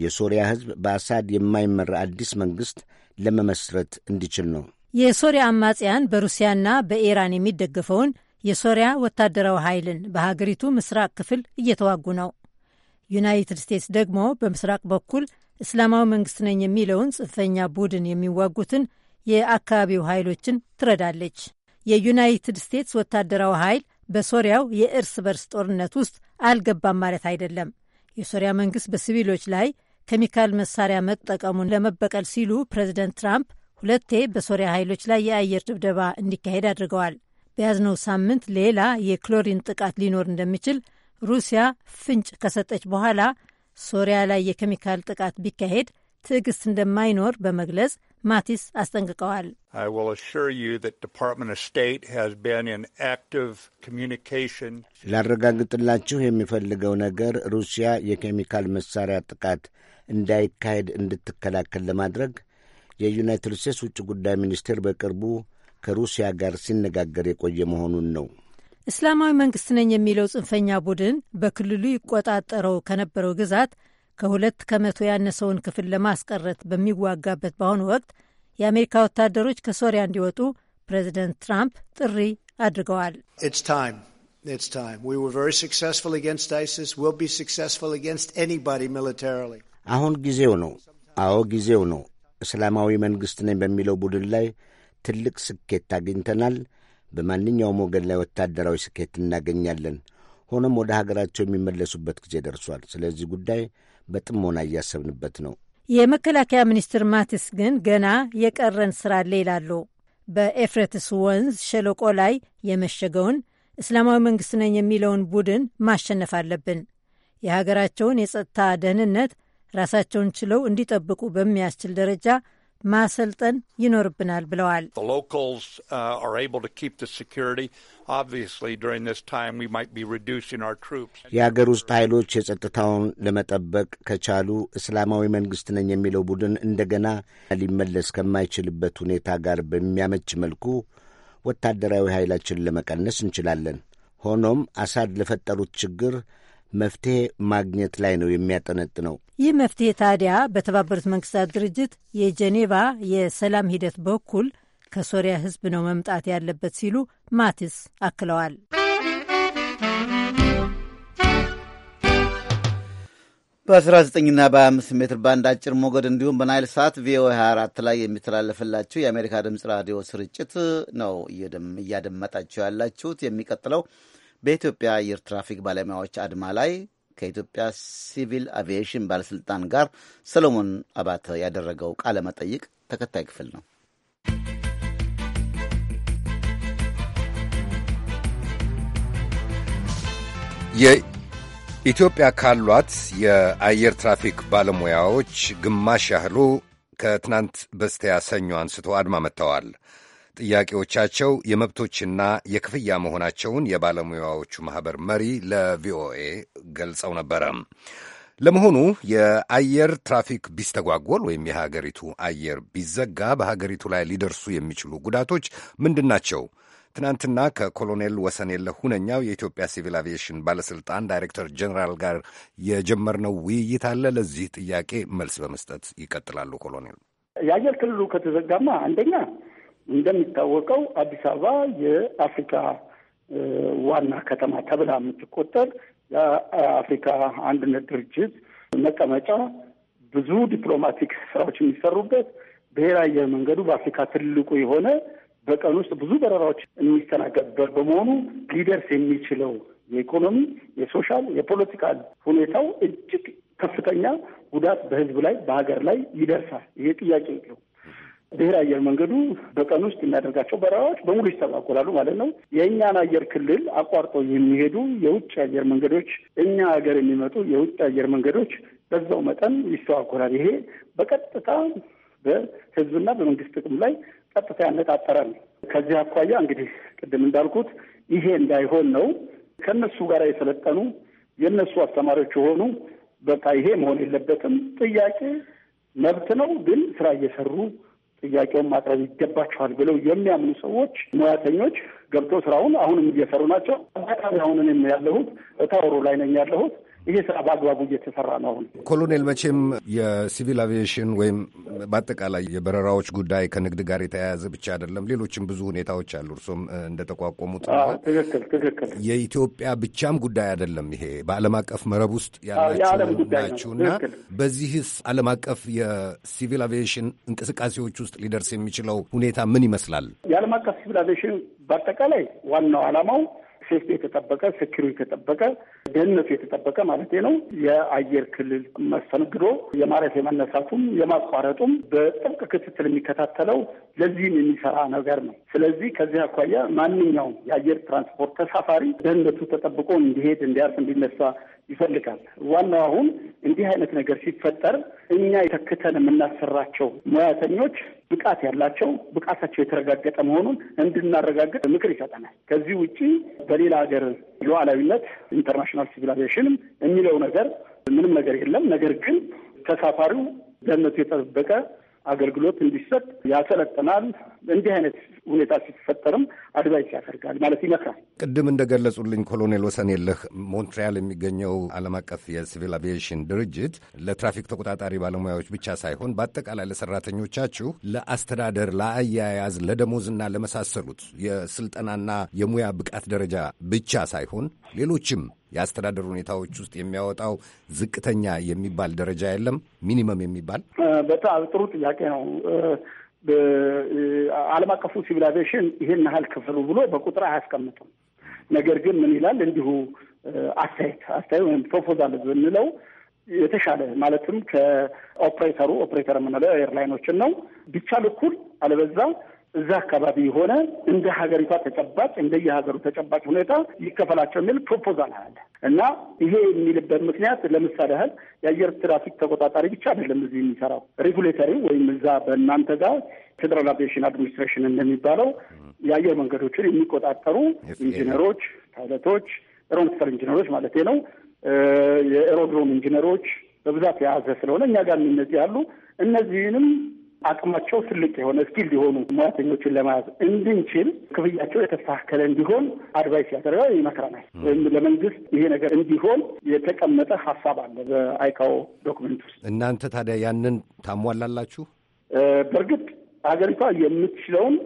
የሶሪያ ሕዝብ በአሳድ የማይመራ አዲስ መንግሥት ለመመስረት እንዲችል ነው። የሶሪያ አማጽያን በሩሲያና በኢራን የሚደገፈውን የሶሪያ ወታደራዊ ኃይልን በሀገሪቱ ምስራቅ ክፍል እየተዋጉ ነው። ዩናይትድ ስቴትስ ደግሞ በምስራቅ በኩል እስላማዊ መንግሥት ነኝ የሚለውን ጽንፈኛ ቡድን የሚዋጉትን የአካባቢው ኃይሎችን ትረዳለች። የዩናይትድ ስቴትስ ወታደራዊ ኃይል በሶሪያው የእርስ በርስ ጦርነት ውስጥ አልገባም ማለት አይደለም። የሶሪያ መንግስት በሲቪሎች ላይ ኬሚካል መሳሪያ መጠቀሙን ለመበቀል ሲሉ ፕሬዚደንት ትራምፕ ሁለቴ በሶሪያ ኃይሎች ላይ የአየር ድብደባ እንዲካሄድ አድርገዋል። በያዝነው ሳምንት ሌላ የክሎሪን ጥቃት ሊኖር እንደሚችል ሩሲያ ፍንጭ ከሰጠች በኋላ ሶሪያ ላይ የኬሚካል ጥቃት ቢካሄድ ትዕግስት እንደማይኖር በመግለጽ ማቲስ አስጠንቅቀዋል። ላረጋግጥላችሁ የሚፈልገው ነገር ሩሲያ የኬሚካል መሳሪያ ጥቃት እንዳይካሄድ እንድትከላከል ለማድረግ የዩናይትድ ስቴትስ ውጭ ጉዳይ ሚኒስቴር በቅርቡ ከሩሲያ ጋር ሲነጋገር የቆየ መሆኑን ነው። እስላማዊ መንግሥት ነኝ የሚለው ጽንፈኛ ቡድን በክልሉ ይቆጣጠረው ከነበረው ግዛት ከሁለት ከመቶ ያነሰውን ክፍል ለማስቀረት በሚዋጋበት በአሁኑ ወቅት የአሜሪካ ወታደሮች ከሶሪያ እንዲወጡ ፕሬዚደንት ትራምፕ ጥሪ አድርገዋል። አሁን ጊዜው ነው። አዎ ጊዜው ነው። እስላማዊ መንግሥት ነኝ በሚለው ቡድን ላይ ትልቅ ስኬት አግኝተናል። በማንኛውም ወገን ላይ ወታደራዊ ስኬት እናገኛለን። ሆኖም ወደ ሀገራቸው የሚመለሱበት ጊዜ ደርሷል። ስለዚህ ጉዳይ በጥሞና እያሰብንበት ነው። የመከላከያ ሚኒስትር ማቲስ ግን ገና የቀረን ስራ አለ ይላሉ። በኤፍረትስ ወንዝ ሸለቆ ላይ የመሸገውን እስላማዊ መንግስት ነኝ የሚለውን ቡድን ማሸነፍ አለብን። የሀገራቸውን የጸጥታ ደህንነት ራሳቸውን ችለው እንዲጠብቁ በሚያስችል ደረጃ ማሰልጠን ይኖርብናል ብለዋል። uh, የአገር ውስጥ ኃይሎች የጸጥታውን ለመጠበቅ ከቻሉ እስላማዊ መንግሥት ነኝ የሚለው ቡድን እንደገና ሊመለስ ከማይችልበት ሁኔታ ጋር በሚያመች መልኩ ወታደራዊ ኃይላችንን ለመቀነስ እንችላለን። ሆኖም አሳድ ለፈጠሩት ችግር መፍትሄ ማግኘት ላይ ነው የሚያጠነጥነው። ይህ መፍትሄ ታዲያ በተባበሩት መንግስታት ድርጅት የጀኔቫ የሰላም ሂደት በኩል ከሶሪያ ህዝብ ነው መምጣት ያለበት ሲሉ ማቲስ አክለዋል። በ19ና በ25 ሜትር ባንድ አጭር ሞገድ እንዲሁም በናይል ሳት ቪኦኤ 24 ላይ የሚተላለፍላችሁ የአሜሪካ ድምፅ ራዲዮ ስርጭት ነው እያደመጣችሁ ያላችሁት። የሚቀጥለው በኢትዮጵያ አየር ትራፊክ ባለሙያዎች አድማ ላይ ከኢትዮጵያ ሲቪል አቪዬሽን ባለሥልጣን ጋር ሰሎሞን አባተ ያደረገው ቃለ መጠይቅ ተከታይ ክፍል ነው። የኢትዮጵያ ካሏት የአየር ትራፊክ ባለሙያዎች ግማሽ ያህሉ ከትናንት በስቲያ ሰኞ አንስቶ አድማ መጥተዋል። ጥያቄዎቻቸው የመብቶችና የክፍያ መሆናቸውን የባለሙያዎቹ ማኅበር መሪ ለቪኦኤ ገልጸው ነበረ። ለመሆኑ የአየር ትራፊክ ቢስተጓጎል ወይም የሀገሪቱ አየር ቢዘጋ በሀገሪቱ ላይ ሊደርሱ የሚችሉ ጉዳቶች ምንድን ናቸው? ትናንትና ከኮሎኔል የለ ሁነኛው የኢትዮጵያ ሲቪል አቪዬሽን ባለስልጣን ዳይሬክተር ጀኔራል ጋር የጀመርነው ውይይት አለ። ለዚህ ጥያቄ መልስ በመስጠት ይቀጥላሉ ኮሎኔል። የአየር ክልሉ ከተዘጋማ አንደኛ እንደሚታወቀው አዲስ አበባ የአፍሪካ ዋና ከተማ ተብላ የምትቆጠር የአፍሪካ አንድነት ድርጅት መቀመጫ፣ ብዙ ዲፕሎማቲክ ስራዎች የሚሰሩበት ብሔራዊ አየር መንገዱ በአፍሪካ ትልቁ የሆነ በቀን ውስጥ ብዙ በረራዎች የሚስተናገድበት በመሆኑ ሊደርስ የሚችለው የኢኮኖሚ፣ የሶሻል፣ የፖለቲካል ሁኔታው እጅግ ከፍተኛ ጉዳት በህዝብ ላይ በሀገር ላይ ይደርሳል። ይሄ ጥያቄ ነው። ብሔራዊ አየር መንገዱ በቀን ውስጥ የሚያደርጋቸው በረራዎች በሙሉ ይስተጓጎላሉ ማለት ነው። የእኛን አየር ክልል አቋርጠው የሚሄዱ የውጭ አየር መንገዶች፣ እኛ ሀገር የሚመጡ የውጭ አየር መንገዶች በዛው መጠን ይስተጓጎላል። ይሄ በቀጥታ በህዝብና በመንግስት ጥቅም ላይ ቀጥታ ያነጣጠረ ነው። ከዚህ አኳያ እንግዲህ ቅድም እንዳልኩት ይሄ እንዳይሆን ነው ከእነሱ ጋር የሰለጠኑ የእነሱ አስተማሪዎች የሆኑ በቃ ይሄ መሆን የለበትም ጥያቄ መብት ነው፣ ግን ስራ እየሰሩ ጥያቄውን ማቅረብ ይገባቸዋል ብለው የሚያምኑ ሰዎች፣ ሙያተኞች ገብቶ ስራውን አሁንም እየሰሩ ናቸው። አሁን ያለሁት ታወሩ ላይ ነኝ ያለሁት ይሄ ስራ በአግባቡ እየተሰራ ነው። አሁን ኮሎኔል፣ መቼም የሲቪል አቪዬሽን ወይም በአጠቃላይ የበረራዎች ጉዳይ ከንግድ ጋር የተያያዘ ብቻ አይደለም። ሌሎችም ብዙ ሁኔታዎች አሉ። እርሶም እንደተቋቋሙት ትክክል ትክክል። የኢትዮጵያ ብቻም ጉዳይ አይደለም። ይሄ በዓለም አቀፍ መረብ ውስጥ ያላችሁ በዚህስ ዓለም አቀፍ የሲቪል አቪዬሽን እንቅስቃሴዎች ውስጥ ሊደርስ የሚችለው ሁኔታ ምን ይመስላል? የዓለም አቀፍ ሲቪል አቪዬሽን በአጠቃላይ ዋናው ዓላማው ሴፍቲ የተጠበቀ ሴኪሪ የተጠበቀ ደህንነቱ የተጠበቀ ማለት ነው የአየር ክልል መስተንግዶ የማረፍ የመነሳቱም የማቋረጡም በጥብቅ ክትትል የሚከታተለው ለዚህም የሚሰራ ነገር ነው። ስለዚህ ከዚህ አኳያ ማንኛውም የአየር ትራንስፖርት ተሳፋሪ ደህንነቱ ተጠብቆ እንዲሄድ፣ እንዲያርፍ፣ እንዲነሳ ይፈልጋል። ዋናው አሁን እንዲህ አይነት ነገር ሲፈጠር እኛ የተክተን የምናሰራቸው ሙያተኞች ብቃት ያላቸው ብቃታቸው የተረጋገጠ መሆኑን እንድናረጋግጥ ምክር ይሰጠናል። ከዚህ ውጪ በሌላ ሀገር ሉዓላዊነት ኢንተርናሽናል ሲቪላይዜሽንም የሚለው ነገር ምንም ነገር የለም። ነገር ግን ተሳፋሪው ደህንነቱ የተጠበቀ አገልግሎት እንዲሰጥ ያሰለጥናል። እንዲህ አይነት ሁኔታ ሲፈጠርም አድቫይስ ያደርጋል ማለት ይመክራል። ቅድም እንደገለጹልኝ ኮሎኔል ወሰን የለህ ሞንትሪያል የሚገኘው ዓለም አቀፍ የሲቪል አቪዬሽን ድርጅት ለትራፊክ ተቆጣጣሪ ባለሙያዎች ብቻ ሳይሆን በአጠቃላይ ለሰራተኞቻችሁ ለአስተዳደር፣ ለአያያዝ፣ ለደሞዝና ለመሳሰሉት የስልጠናና የሙያ ብቃት ደረጃ ብቻ ሳይሆን ሌሎችም የአስተዳደር ሁኔታዎች ውስጥ የሚያወጣው ዝቅተኛ የሚባል ደረጃ የለም? ሚኒመም የሚባል በጣም ጥሩ ጥያቄ ነው። አለም አቀፉ ሲቪላይዜሽን ይሄን ያህል ክፍሉ ብሎ በቁጥር አያስቀምጥም። ነገር ግን ምን ይላል እንዲሁ አስተያየት አስተያየት ወይም ፕሮፖዛል ብንለው የተሻለ ማለትም ከኦፕሬተሩ ኦፕሬተር የምንለው ኤርላይኖችን ነው ቢቻል እኩል አለበዛ እዛ አካባቢ የሆነ እንደ ሀገሪቷ ተጨባጭ እንደ የሀገሩ ተጨባጭ ሁኔታ ይከፈላቸው የሚል ፕሮፖዛል አለ እና ይሄ የሚልበት ምክንያት ለምሳሌ ያህል የአየር ትራፊክ ተቆጣጣሪ ብቻ አይደለም እዚህ የሚሰራው ሬጉሌተሪ ወይም እዛ በእናንተ ጋር ፌደራል አቪዬሽን አድሚኒስትሬሽን እንደሚባለው የአየር መንገዶችን የሚቆጣጠሩ ኢንጂነሮች፣ ፓይለቶች፣ ኤሮኖቲካል ኢንጂነሮች ማለት ነው የኤሮድሮም ኢንጂነሮች በብዛት የያዘ ስለሆነ እኛ ጋር የሚነዚህ ያሉ እነዚህንም አቅማቸው ትልቅ የሆነ ስኪል ሊሆኑ ሙያተኞችን ለመያዝ እንድንችል ክፍያቸው የተስተካከለ እንዲሆን አድቫይስ ያደረገ ይመክረናል። ወይም ለመንግስት ይሄ ነገር እንዲሆን የተቀመጠ ሀሳብ አለ በአይካኦ ዶክመንት ውስጥ። እናንተ ታዲያ ያንን ታሟላላችሁ? በእርግጥ ሀገሪቷ የምትችለውን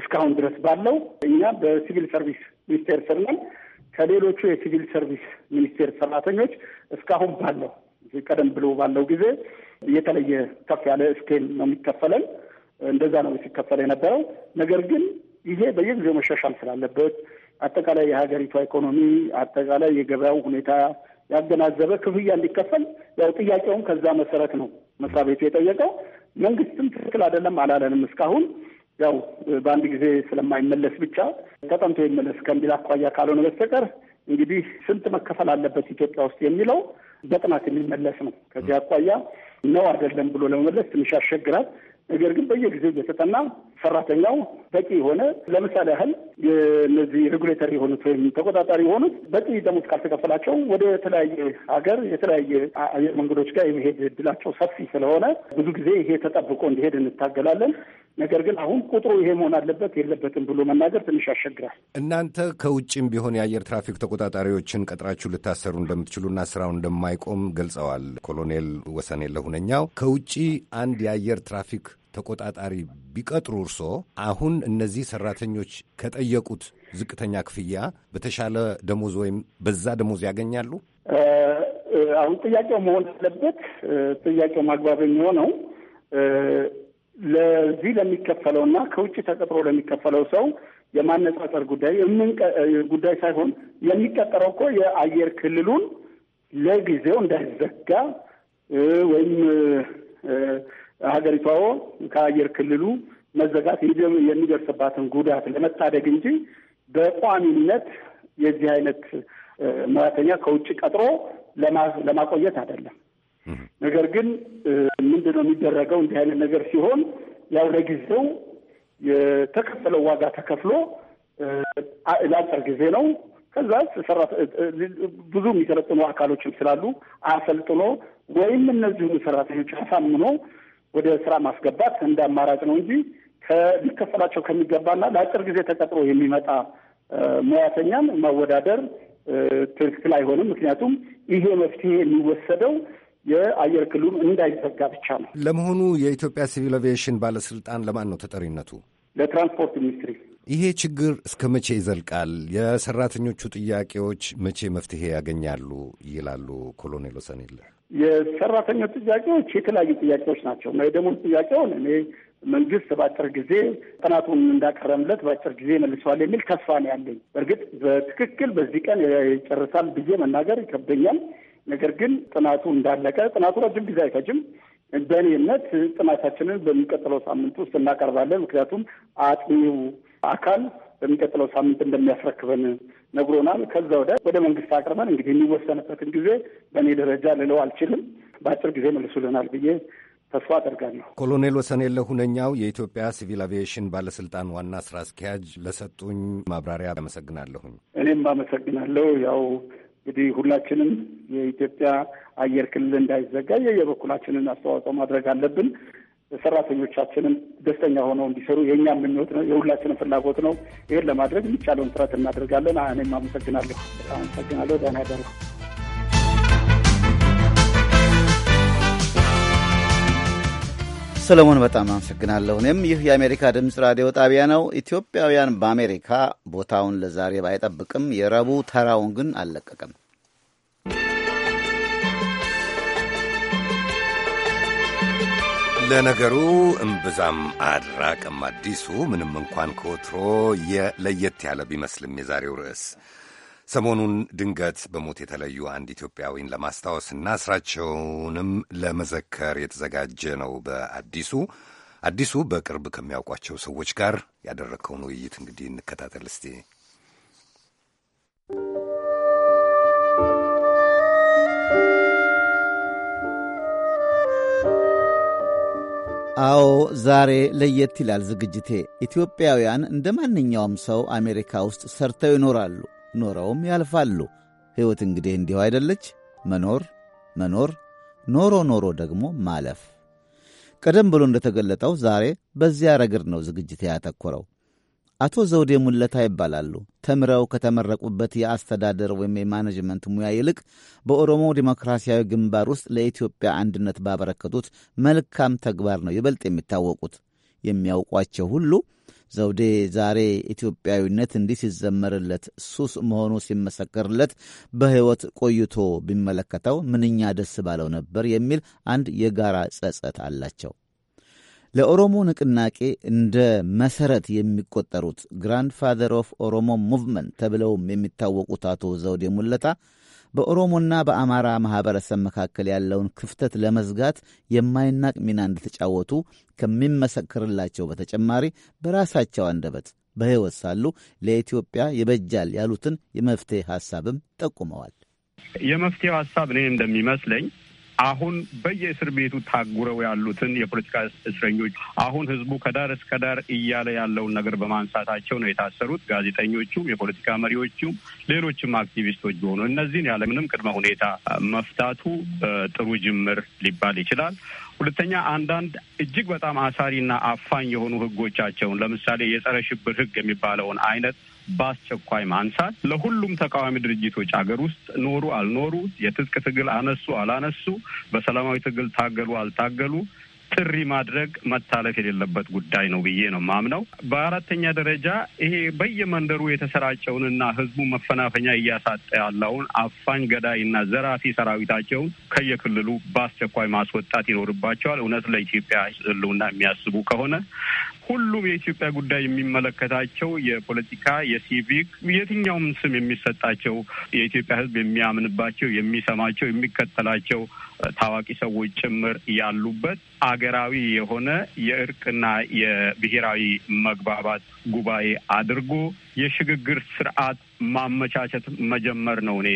እስካሁን ድረስ ባለው እኛ በሲቪል ሰርቪስ ሚኒስቴር ስር ነን። ከሌሎቹ የሲቪል ሰርቪስ ሚኒስቴር ሰራተኞች እስካሁን ባለው ቀደም ብሎ ባለው ጊዜ የተለየ ከፍ ያለ ስኬል ነው የሚከፈለን። እንደዛ ነው ሲከፈለ የነበረው። ነገር ግን ይሄ በየጊዜው መሻሻል ስላለበት አጠቃላይ የሀገሪቷ ኢኮኖሚ፣ አጠቃላይ የገበያው ሁኔታ ያገናዘበ ክፍያ እንዲከፈል ያው ጥያቄውም ከዛ መሰረት ነው መስሪያ ቤቱ የጠየቀው። መንግስትም ትክክል አይደለም አላለንም እስካሁን ያው በአንድ ጊዜ ስለማይመለስ ብቻ ተጠንቶ ይመለስ ከሚል አኳያ ካልሆነ በስተቀር እንግዲህ ስንት መከፈል አለበት ኢትዮጵያ ውስጥ የሚለው በጥናት የሚመለስ ነው። ከዚህ አኳያ ነው አይደለም ብሎ ለመመለስ ትንሽ ያስቸግራል። ነገር ግን በየጊዜው እየተጠና ሰራተኛው በቂ የሆነ ለምሳሌ ያህል እነዚህ ሬጉሌተር የሆኑት ወይም ተቆጣጣሪ የሆኑት በቂ ደሞዝ ካልተከፈላቸው ወደ ተለያየ ሀገር የተለያየ አየር መንገዶች ጋር የመሄድ እድላቸው ሰፊ ስለሆነ ብዙ ጊዜ ይሄ ተጠብቆ እንዲሄድ እንታገላለን። ነገር ግን አሁን ቁጥሩ ይሄ መሆን አለበት የለበትም ብሎ መናገር ትንሽ ያስቸግራል። እናንተ ከውጭም ቢሆን የአየር ትራፊክ ተቆጣጣሪዎችን ቀጥራችሁ ልታሰሩ እንደምትችሉና ስራው እንደማይቆም ገልጸዋል ኮሎኔል ወሰን የለሁነኛው። ከውጭ አንድ የአየር ትራፊክ ተቆጣጣሪ ቢቀጥሩ እርሶ አሁን እነዚህ ሰራተኞች ከጠየቁት ዝቅተኛ ክፍያ በተሻለ ደሞዝ ወይም በዛ ደሞዝ ያገኛሉ? አሁን ጥያቄው መሆን ያለበት ጥያቄው ማግባብ የሚሆነው ለዚህ ለሚከፈለው እና ከውጭ ተቀጥሮ ለሚከፈለው ሰው የማነጻጸር ጉዳይ ጉዳይ ሳይሆን የሚቀጠረው እኮ የአየር ክልሉን ለጊዜው እንዳይዘጋ ወይም ሀገሪቷ ከአየር ክልሉ መዘጋት የሚደርስባትን ጉዳት ለመታደግ እንጂ በቋሚነት የዚህ አይነት ሙያተኛ ከውጭ ቀጥሮ ለማቆየት አይደለም። ነገር ግን ምንድን ነው የሚደረገው? እንዲህ አይነት ነገር ሲሆን ያው ለጊዜው የተከፈለው ዋጋ ተከፍሎ ለአጭር ጊዜ ነው። ከዛ ብዙ የሚሰለጥኑ አካሎችም ስላሉ አሰልጥኖ ወይም እነዚሁን ሰራተኞች አሳምኖ ወደ ስራ ማስገባት እንደ አማራጭ ነው እንጂ ሊከፈላቸው ከሚገባና ለአጭር ጊዜ ተቀጥሮ የሚመጣ ሙያተኛን ማወዳደር ትክክል አይሆንም። ምክንያቱም ይሄ መፍትሄ የሚወሰደው የአየር ክልሉን እንዳይዘጋ ብቻ ነው። ለመሆኑ የኢትዮጵያ ሲቪል አቪዬሽን ባለስልጣን ለማን ነው ተጠሪነቱ? ለትራንስፖርት ሚኒስትሪ። ይሄ ችግር እስከ መቼ ይዘልቃል? የሰራተኞቹ ጥያቄዎች መቼ መፍትሄ ያገኛሉ? ይላሉ ኮሎኔል ወሰኔለ የሰራተኞች ጥያቄዎች የተለያዩ ጥያቄዎች ናቸው እና የደሞዝ ጥያቄውን እኔ መንግስት በአጭር ጊዜ ጥናቱን እንዳቀረምለት በአጭር ጊዜ መልሰዋል የሚል ተስፋ ነው ያለኝ። በእርግጥ በትክክል በዚህ ቀን ይጨርሳል ብዬ መናገር ይከብደኛል። ነገር ግን ጥናቱ እንዳለቀ ጥናቱ ረጅም ጊዜ አይፈጅም። በእኔ እምነት ጥናታችንን በሚቀጥለው ሳምንት ውስጥ እናቀርባለን። ምክንያቱም አጥኚው አካል በሚቀጥለው ሳምንት እንደሚያስረክበን ነግሮናል። ከዛ ወደ ወደ መንግስት አቅርበን እንግዲህ የሚወሰንበትን ጊዜ በእኔ ደረጃ ልለው አልችልም። በአጭር ጊዜ መልሱልናል ብዬ ተስፋ አደርጋለሁ። ኮሎኔል ወሰንየለህ ሁነኛው የኢትዮጵያ ሲቪል አቪዬሽን ባለስልጣን ዋና ስራ አስኪያጅ ለሰጡኝ ማብራሪያ አመሰግናለሁኝ። እኔም አመሰግናለሁ። ያው እንግዲህ ሁላችንም የኢትዮጵያ አየር ክልል እንዳይዘጋ የበኩላችንን አስተዋጽኦ ማድረግ አለብን። ሰራተኞቻችንም ደስተኛ ሆነው እንዲሰሩ የእኛ የምንወት ነው፣ የሁላችንም ፍላጎት ነው። ይህን ለማድረግ የሚቻለውን ጥረት እናደርጋለን። እኔም አመሰግናለሁ። በጣም አመሰግናለሁ። ደህና ያደሩ። ሰለሞን በጣም አመሰግናለሁ። እኔም ይህ የአሜሪካ ድምፅ ራዲዮ ጣቢያ ነው። ኢትዮጵያውያን በአሜሪካ ቦታውን ለዛሬ ባይጠብቅም የረቡዕ ተራውን ግን አልለቀቀም። ለነገሩ እምብዛም አድራቅም አዲሱ ምንም እንኳን ከወትሮ ለየት ያለ ቢመስልም የዛሬው ርዕስ ሰሞኑን ድንገት በሞት የተለዩ አንድ ኢትዮጵያዊን ለማስታወስና ስራቸውንም ለመዘከር የተዘጋጀ ነው። በአዲሱ አዲሱ በቅርብ ከሚያውቋቸው ሰዎች ጋር ያደረግከውን ውይይት እንግዲህ እንከታተል እስቲ። አዎ ዛሬ ለየት ይላል ዝግጅቴ። ኢትዮጵያውያን እንደ ማንኛውም ሰው አሜሪካ ውስጥ ሰርተው ይኖራሉ፣ ኖረውም ያልፋሉ። ሕይወት እንግዲህ እንዲሁ አይደለች? መኖር መኖር፣ ኖሮ ኖሮ ደግሞ ማለፍ። ቀደም ብሎ እንደተገለጠው ዛሬ በዚያ ረገድ ነው ዝግጅቴ ያተኮረው። አቶ ዘውዴ ሙለታ ይባላሉ። ተምረው ከተመረቁበት የአስተዳደር ወይም የማኔጅመንት ሙያ ይልቅ በኦሮሞ ዴሞክራሲያዊ ግንባር ውስጥ ለኢትዮጵያ አንድነት ባበረከቱት መልካም ተግባር ነው ይበልጥ የሚታወቁት። የሚያውቋቸው ሁሉ ዘውዴ ዛሬ ኢትዮጵያዊነት እንዲህ ሲዘመርለት፣ ሱስ መሆኑ ሲመሰከርለት፣ በሕይወት ቆይቶ ቢመለከተው ምንኛ ደስ ባለው ነበር የሚል አንድ የጋራ ጸጸት አላቸው። ለኦሮሞ ንቅናቄ እንደ መሰረት የሚቆጠሩት ግራንድ ፋዘር ኦፍ ኦሮሞ ሙቭመንት ተብለውም የሚታወቁት አቶ ዘውዴ ሙለታ በኦሮሞና በአማራ ማኅበረሰብ መካከል ያለውን ክፍተት ለመዝጋት የማይናቅ ሚና እንደተጫወቱ ከሚመሰክርላቸው በተጨማሪ በራሳቸው አንደበት በሕይወት ሳሉ ለኢትዮጵያ የበጃል ያሉትን የመፍትሄ ሐሳብም ጠቁመዋል። የመፍትሄው ሐሳብ እኔ እንደሚመስለኝ አሁን በየእስር ቤቱ ታጉረው ያሉትን የፖለቲካ እስረኞች አሁን ህዝቡ ከዳር እስከ ዳር እያለ ያለውን ነገር በማንሳታቸው ነው የታሰሩት። ጋዜጠኞቹም፣ የፖለቲካ መሪዎቹም፣ ሌሎችም አክቲቪስቶች ቢሆኑ እነዚህን ያለምንም ቅድመ ሁኔታ መፍታቱ ጥሩ ጅምር ሊባል ይችላል። ሁለተኛ አንዳንድ እጅግ በጣም አሳሪና አፋኝ የሆኑ ህጎቻቸውን ለምሳሌ የጸረ ሽብር ህግ የሚባለውን አይነት በአስቸኳይ ማንሳት ለሁሉም ተቃዋሚ ድርጅቶች አገር ውስጥ ኖሩ አልኖሩ፣ የትጥቅ ትግል አነሱ አላነሱ፣ በሰላማዊ ትግል ታገሉ አልታገሉ ጥሪ ማድረግ መታለፍ የሌለበት ጉዳይ ነው ብዬ ነው ማምነው። በአራተኛ ደረጃ ይሄ በየመንደሩ የተሰራጨውንና ህዝቡ መፈናፈኛ እያሳጠ ያለውን አፋኝ ገዳይና ዘራፊ ሰራዊታቸውን ከየክልሉ በአስቸኳይ ማስወጣት ይኖርባቸዋል። እውነት ለኢትዮጵያ ህልውና የሚያስቡ ከሆነ ሁሉም የኢትዮጵያ ጉዳይ የሚመለከታቸው የፖለቲካ፣ የሲቪክ የትኛውም ስም የሚሰጣቸው የኢትዮጵያ ሕዝብ የሚያምንባቸው፣ የሚሰማቸው፣ የሚከተላቸው ታዋቂ ሰዎች ጭምር ያሉበት አገራዊ የሆነ የእርቅና የብሔራዊ መግባባት ጉባኤ አድርጎ የሽግግር ስርዓት ማመቻቸት መጀመር ነው እኔ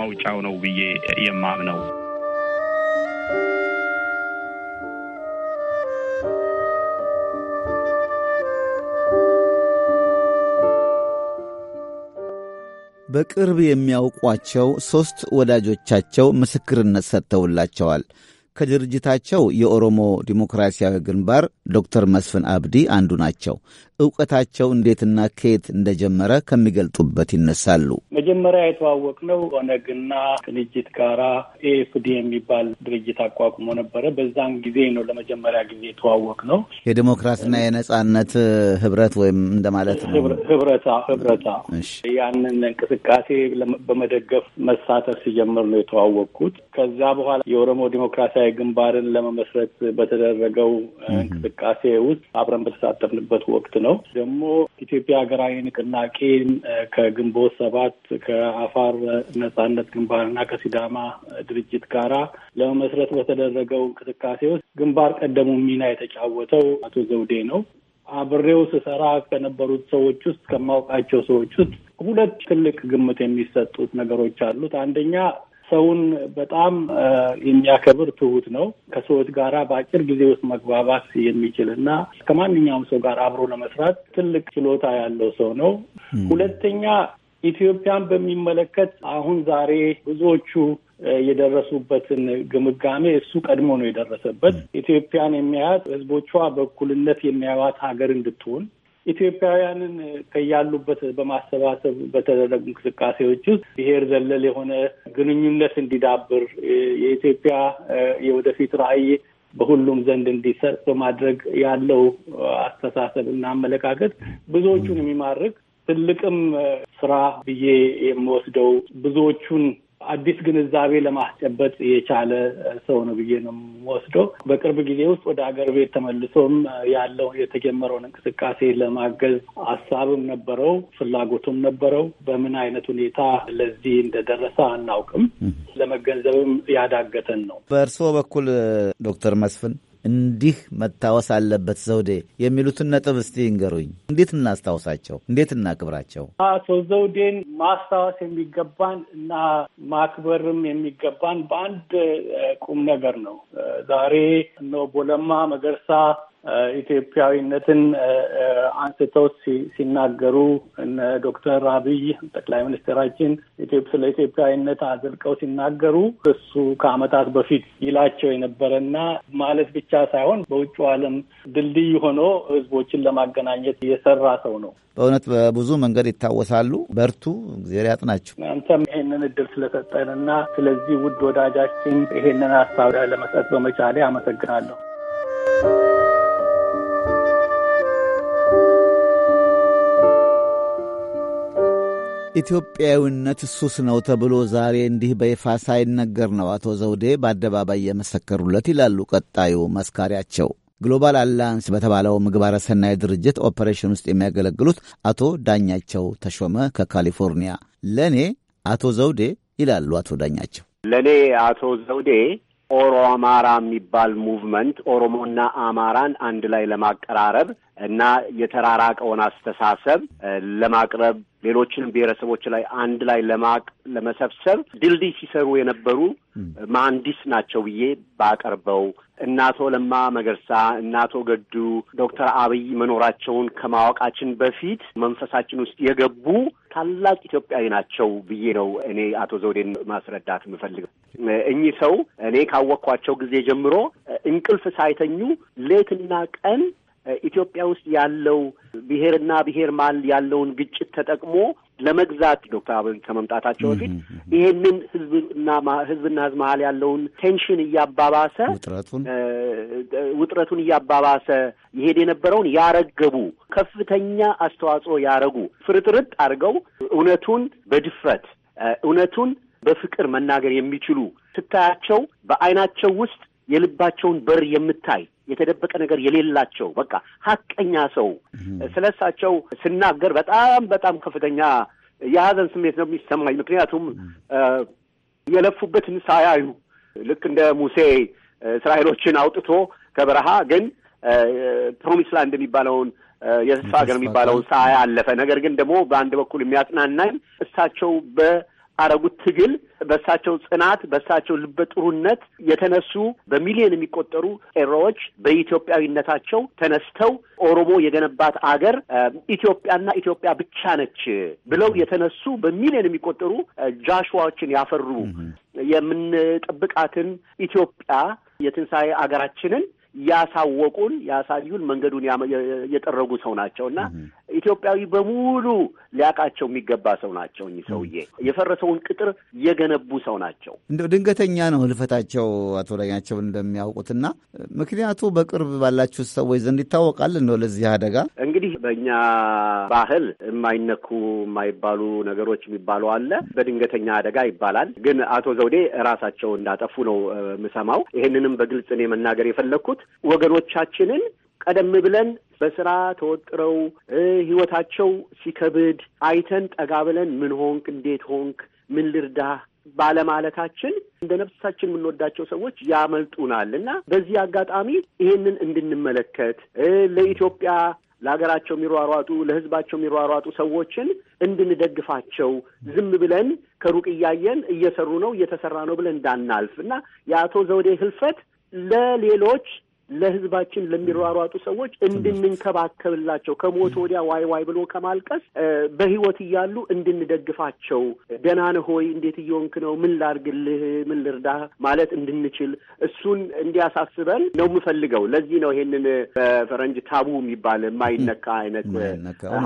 መውጫው ነው ብዬ የማምነው። በቅርብ የሚያውቋቸው ሦስት ወዳጆቻቸው ምስክርነት ሰጥተውላቸዋል። ከድርጅታቸው የኦሮሞ ዲሞክራሲያዊ ግንባር ዶክተር መስፍን አብዲ አንዱ ናቸው። እውቀታቸው እንዴትና ከየት እንደጀመረ ከሚገልጡበት ይነሳሉ። መጀመሪያ የተዋወቅነው ኦነግና ቅንጅት ጋራ ኤኤፍዲ የሚባል ድርጅት አቋቁሞ ነበረ። በዛን ጊዜ ነው ለመጀመሪያ ጊዜ የተዋወቅነው። የዲሞክራሲና የነጻነት ህብረት ወይም እንደማለት ነው። ህብረታ ህብረታ ያንን እንቅስቃሴ በመደገፍ መሳተፍ ሲጀምር ነው የተዋወቅኩት። ከዛ በኋላ የኦሮሞ ዲሞክራሲያዊ ግንባርን ለመመስረት በተደረገው እንቅስቃሴ ውስጥ አብረን በተሳተፍንበት ወቅት ነው። ደግሞ ኢትዮጵያ ሀገራዊ ንቅናቄን ከግንቦት ሰባት ከአፋር ነጻነት ግንባርና ከሲዳማ ድርጅት ጋራ ለመመስረት በተደረገው እንቅስቃሴ ውስጥ ግንባር ቀደሙ ሚና የተጫወተው አቶ ዘውዴ ነው። አብሬው ስሰራ ከነበሩት ሰዎች ውስጥ ከማውቃቸው ሰዎች ውስጥ ሁለት ትልቅ ግምት የሚሰጡት ነገሮች አሉት። አንደኛ ሰውን በጣም የሚያከብር ትሁት ነው። ከሰዎች ጋራ በአጭር ጊዜ ውስጥ መግባባት የሚችል እና ከማንኛውም ሰው ጋር አብሮ ለመስራት ትልቅ ችሎታ ያለው ሰው ነው። ሁለተኛ ኢትዮጵያን በሚመለከት አሁን ዛሬ ብዙዎቹ የደረሱበትን ግምጋሜ እሱ ቀድሞ ነው የደረሰበት። ኢትዮጵያን የሚያያት ህዝቦቿ በእኩልነት የሚያዩት ሀገር እንድትሆን ኢትዮጵያውያንን ከያሉበት በማሰባሰብ በተደረጉ እንቅስቃሴዎች ውስጥ ብሔር ዘለል የሆነ ግንኙነት እንዲዳብር የኢትዮጵያ የወደፊት ራዕይ በሁሉም ዘንድ እንዲሰጥ በማድረግ ያለው አስተሳሰብ እና አመለካከት ብዙዎቹን የሚማርክ ትልቅም ስራ ብዬ የምወስደው ብዙዎቹን አዲስ ግንዛቤ ለማስጨበጥ የቻለ ሰው ነው ብዬ ነው ወስዶ በቅርብ ጊዜ ውስጥ ወደ ሀገር ቤት ተመልሶም ያለው የተጀመረውን እንቅስቃሴ ለማገዝ ሀሳብም ነበረው፣ ፍላጎቱም ነበረው። በምን አይነት ሁኔታ ለዚህ እንደደረሰ አናውቅም። ለመገንዘብም ያዳገተን ነው። በእርስዎ በኩል ዶክተር መስፍን እንዲህ መታወስ አለበት ዘውዴ የሚሉትን ነጥብ እስቲ ይንገሩኝ። እንዴት እናስታውሳቸው? እንዴት እናክብራቸው? አቶ ዘውዴን ማስታወስ የሚገባን እና ማክበርም የሚገባን በአንድ ቁም ነገር ነው። ዛሬ እነ ቦለማ መገርሳ ኢትዮጵያዊነትን አንስተው ሲናገሩ እነ ዶክተር አብይ ጠቅላይ ሚኒስትራችን ስለ ኢትዮጵያዊነት አዘልቀው ሲናገሩ እሱ ከዓመታት በፊት ይላቸው የነበረ ና ማለት ብቻ ሳይሆን በውጭ ዓለም ድልድይ ሆኖ ህዝቦችን ለማገናኘት የሰራ ሰው ነው። በእውነት በብዙ መንገድ ይታወሳሉ። በርቱ፣ እግዜር ያጥናችሁ። አንተም ይሄንን እድል ስለሰጠንና ስለዚህ ውድ ወዳጃችን ይሄንን ሀሳብ ለመስጠት በመቻሌ አመሰግናለሁ። ኢትዮጵያዊነት እሱስ ነው ተብሎ ዛሬ እንዲህ በይፋ ሳይነገር ነው አቶ ዘውዴ በአደባባይ የመሰከሩለት ይላሉ ቀጣዩ መስካሪያቸው። ግሎባል አላያንስ በተባለው ምግባረ ሰናይ ድርጅት ኦፐሬሽን ውስጥ የሚያገለግሉት አቶ ዳኛቸው ተሾመ ከካሊፎርኒያ። ለእኔ አቶ ዘውዴ ይላሉ አቶ ዳኛቸው ለእኔ አቶ ዘውዴ ኦሮ አማራ የሚባል ሙቭመንት ኦሮሞና አማራን አንድ ላይ ለማቀራረብ እና የተራራቀውን አስተሳሰብ ለማቅረብ ሌሎችንም ብሔረሰቦች ላይ አንድ ላይ ለማቅ ለመሰብሰብ ድልድይ ሲሰሩ የነበሩ መሀንዲስ ናቸው ብዬ ባቀርበው እናቶ ለማ መገርሳ እናቶ ገዱ ዶክተር አብይ መኖራቸውን ከማወቃችን በፊት መንፈሳችን ውስጥ የገቡ ታላቅ ኢትዮጵያዊ ናቸው ብዬ ነው እኔ አቶ ዘውዴን ማስረዳት የምፈልገው። እኚህ ሰው እኔ ካወቅኳቸው ጊዜ ጀምሮ እንቅልፍ ሳይተኙ ሌትና ቀን ኢትዮጵያ ውስጥ ያለው ብሔርና ብሔር ማል ያለውን ግጭት ተጠቅሞ ለመግዛት ዶክተር አብይ ከመምጣታቸው በፊት ይሄንን ህዝብና ህዝብና ህዝብ መሀል ያለውን ቴንሽን እያባባሰ ውጥረቱን ውጥረቱን እያባባሰ ይሄድ የነበረውን ያረገቡ ከፍተኛ አስተዋጽኦ ያረጉ ፍርጥርጥ አድርገው እውነቱን በድፍረት እውነቱን በፍቅር መናገር የሚችሉ ስታያቸው በአይናቸው ውስጥ የልባቸውን በር የምታይ የተደበቀ ነገር የሌላቸው በቃ ሀቀኛ ሰው ስለ እሳቸው ስናገር በጣም በጣም ከፍተኛ የሀዘን ስሜት ነው የሚሰማኝ። ምክንያቱም የለፉበትን ሳያዩ ልክ እንደ ሙሴ እስራኤሎችን አውጥቶ ከበረሃ ግን ፕሮሚስ ላንድ የሚባለውን የተስፋ ሀገር የሚባለውን ሳያለፈ ነገር ግን ደግሞ በአንድ በኩል የሚያጽናናኝ እሳቸው በ ባረጉት ትግል በእሳቸው ጽናት፣ በእሳቸው ልበ ጥሩነት የተነሱ በሚሊዮን የሚቆጠሩ ኤሮዎች በኢትዮጵያዊነታቸው ተነስተው ኦሮሞ የገነባት አገር ኢትዮጵያና ኢትዮጵያ ብቻ ነች ብለው የተነሱ በሚሊዮን የሚቆጠሩ ጃሽዋዎችን ያፈሩ የምንጠብቃትን ኢትዮጵያ የትንሣኤ አገራችንን ያሳወቁን ያሳዩን መንገዱን የጠረጉ ሰው ናቸው እና ኢትዮጵያዊ በሙሉ ሊያውቃቸው የሚገባ ሰው ናቸው። እኚህ ሰውዬ የፈረሰውን ቅጥር የገነቡ ሰው ናቸው። እንደው ድንገተኛ ነው ህልፈታቸው። አቶ ዳኛቸውን እንደሚያውቁትና ምክንያቱ በቅርብ ባላችሁ ሰዎች ዘንድ ይታወቃል። እንደው ለዚህ አደጋ እንግዲህ በእኛ ባህል የማይነኩ የማይባሉ ነገሮች የሚባሉ አለ፣ በድንገተኛ አደጋ ይባላል። ግን አቶ ዘውዴ ራሳቸው እንዳጠፉ ነው የምሰማው። ይህንንም በግልጽ እኔ መናገር የፈለግኩት ወገኖቻችንን ቀደም ብለን በስራ ተወጥረው ህይወታቸው ሲከብድ አይተን ጠጋ ብለን ምን ሆንክ፣ እንዴት ሆንክ፣ ምን ልርዳህ ባለማለታችን እንደ ነፍሳችን የምንወዳቸው ሰዎች ያመልጡናል እና በዚህ አጋጣሚ ይህንን እንድንመለከት ለኢትዮጵያ ለሀገራቸው የሚሯሯጡ ለህዝባቸው የሚሯሯጡ ሰዎችን እንድንደግፋቸው ዝም ብለን ከሩቅ እያየን እየሰሩ ነው እየተሰራ ነው ብለን እንዳናልፍ እና የአቶ ዘውዴ ህልፈት ለሌሎች ለህዝባችን ለሚሯሯጡ ሰዎች እንድንንከባከብላቸው ከሞት ወዲያ ዋይ ዋይ ብሎ ከማልቀስ በህይወት እያሉ እንድንደግፋቸው ደህና ነህ ሆይ እንዴት እየሆንክ ነው? ምን ላርግልህ ምን ልርዳ? ማለት እንድንችል እሱን እንዲያሳስበን ነው የምፈልገው። ለዚህ ነው ይሄንን በፈረንጅ ታቡ የሚባል የማይነካ አይነት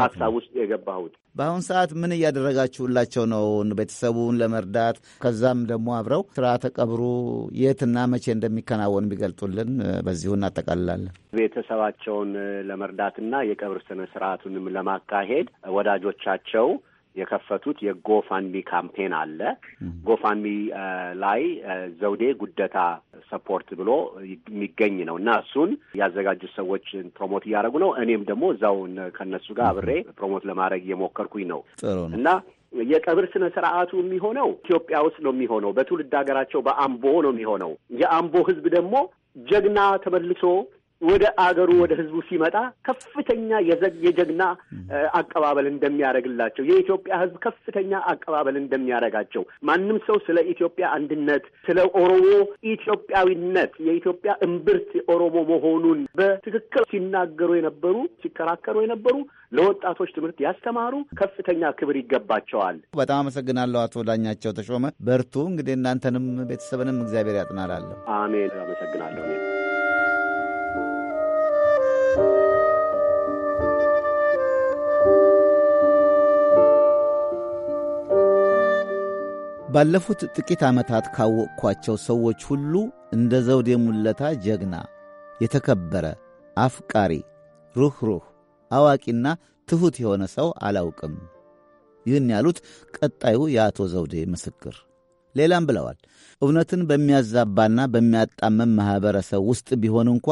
ሀሳብ ውስጥ የገባሁት። በአሁን ሰዓት ምን እያደረጋችሁላቸው ነው? ቤተሰቡን ለመርዳት ከዛም ደግሞ አብረው ስርዓተ ቀብሩ የትና መቼ እንደሚከናወን ቢገልጡልን በዚሁ በዚሁ እናጠቃልላለን። ቤተሰባቸውን ለመርዳትና የቀብር ስነ ስርዓቱንም ለማካሄድ ወዳጆቻቸው የከፈቱት የጎፋንሚ ካምፔን አለ። ጎፋንሚ ላይ ዘውዴ ጉደታ ሰፖርት ብሎ የሚገኝ ነው እና እሱን ያዘጋጁ ሰዎች ፕሮሞት እያደረጉ ነው። እኔም ደግሞ እዛው ከነሱ ጋር አብሬ ፕሮሞት ለማድረግ እየሞከርኩኝ ነው እና የቀብር ስነ ስርዓቱ የሚሆነው ኢትዮጵያ ውስጥ ነው የሚሆነው። በትውልድ ሀገራቸው በአምቦ ነው የሚሆነው። የአምቦ ህዝብ ደግሞ ጀግና ተመልሶ ወደ አገሩ ወደ ህዝቡ ሲመጣ ከፍተኛ የጀግና አቀባበል እንደሚያደርግላቸው የኢትዮጵያ ህዝብ ከፍተኛ አቀባበል እንደሚያደርጋቸው ማንም ሰው ስለ ኢትዮጵያ አንድነት፣ ስለ ኦሮሞ ኢትዮጵያዊነት፣ የኢትዮጵያ እምብርት ኦሮሞ መሆኑን በትክክል ሲናገሩ የነበሩ ሲከራከሩ የነበሩ ለወጣቶች ትምህርት ያስተማሩ ከፍተኛ ክብር ይገባቸዋል። በጣም አመሰግናለሁ አቶ ዳኛቸው ተሾመ። በርቱ። እንግዲህ እናንተንም ቤተሰብንም እግዚአብሔር ያጥናላለሁ። አሜን። አመሰግናለሁ። ባለፉት ጥቂት ዓመታት ካወቅኳቸው ሰዎች ሁሉ እንደ ዘውዴ ሙለታ ጀግና፣ የተከበረ፣ አፍቃሪ፣ ሩኅሩህ፣ አዋቂና ትሑት የሆነ ሰው አላውቅም። ይህን ያሉት ቀጣዩ የአቶ ዘውዴ ምስክር ሌላም ብለዋል። እውነትን በሚያዛባና በሚያጣመም ማኅበረሰብ ውስጥ ቢሆን እንኳ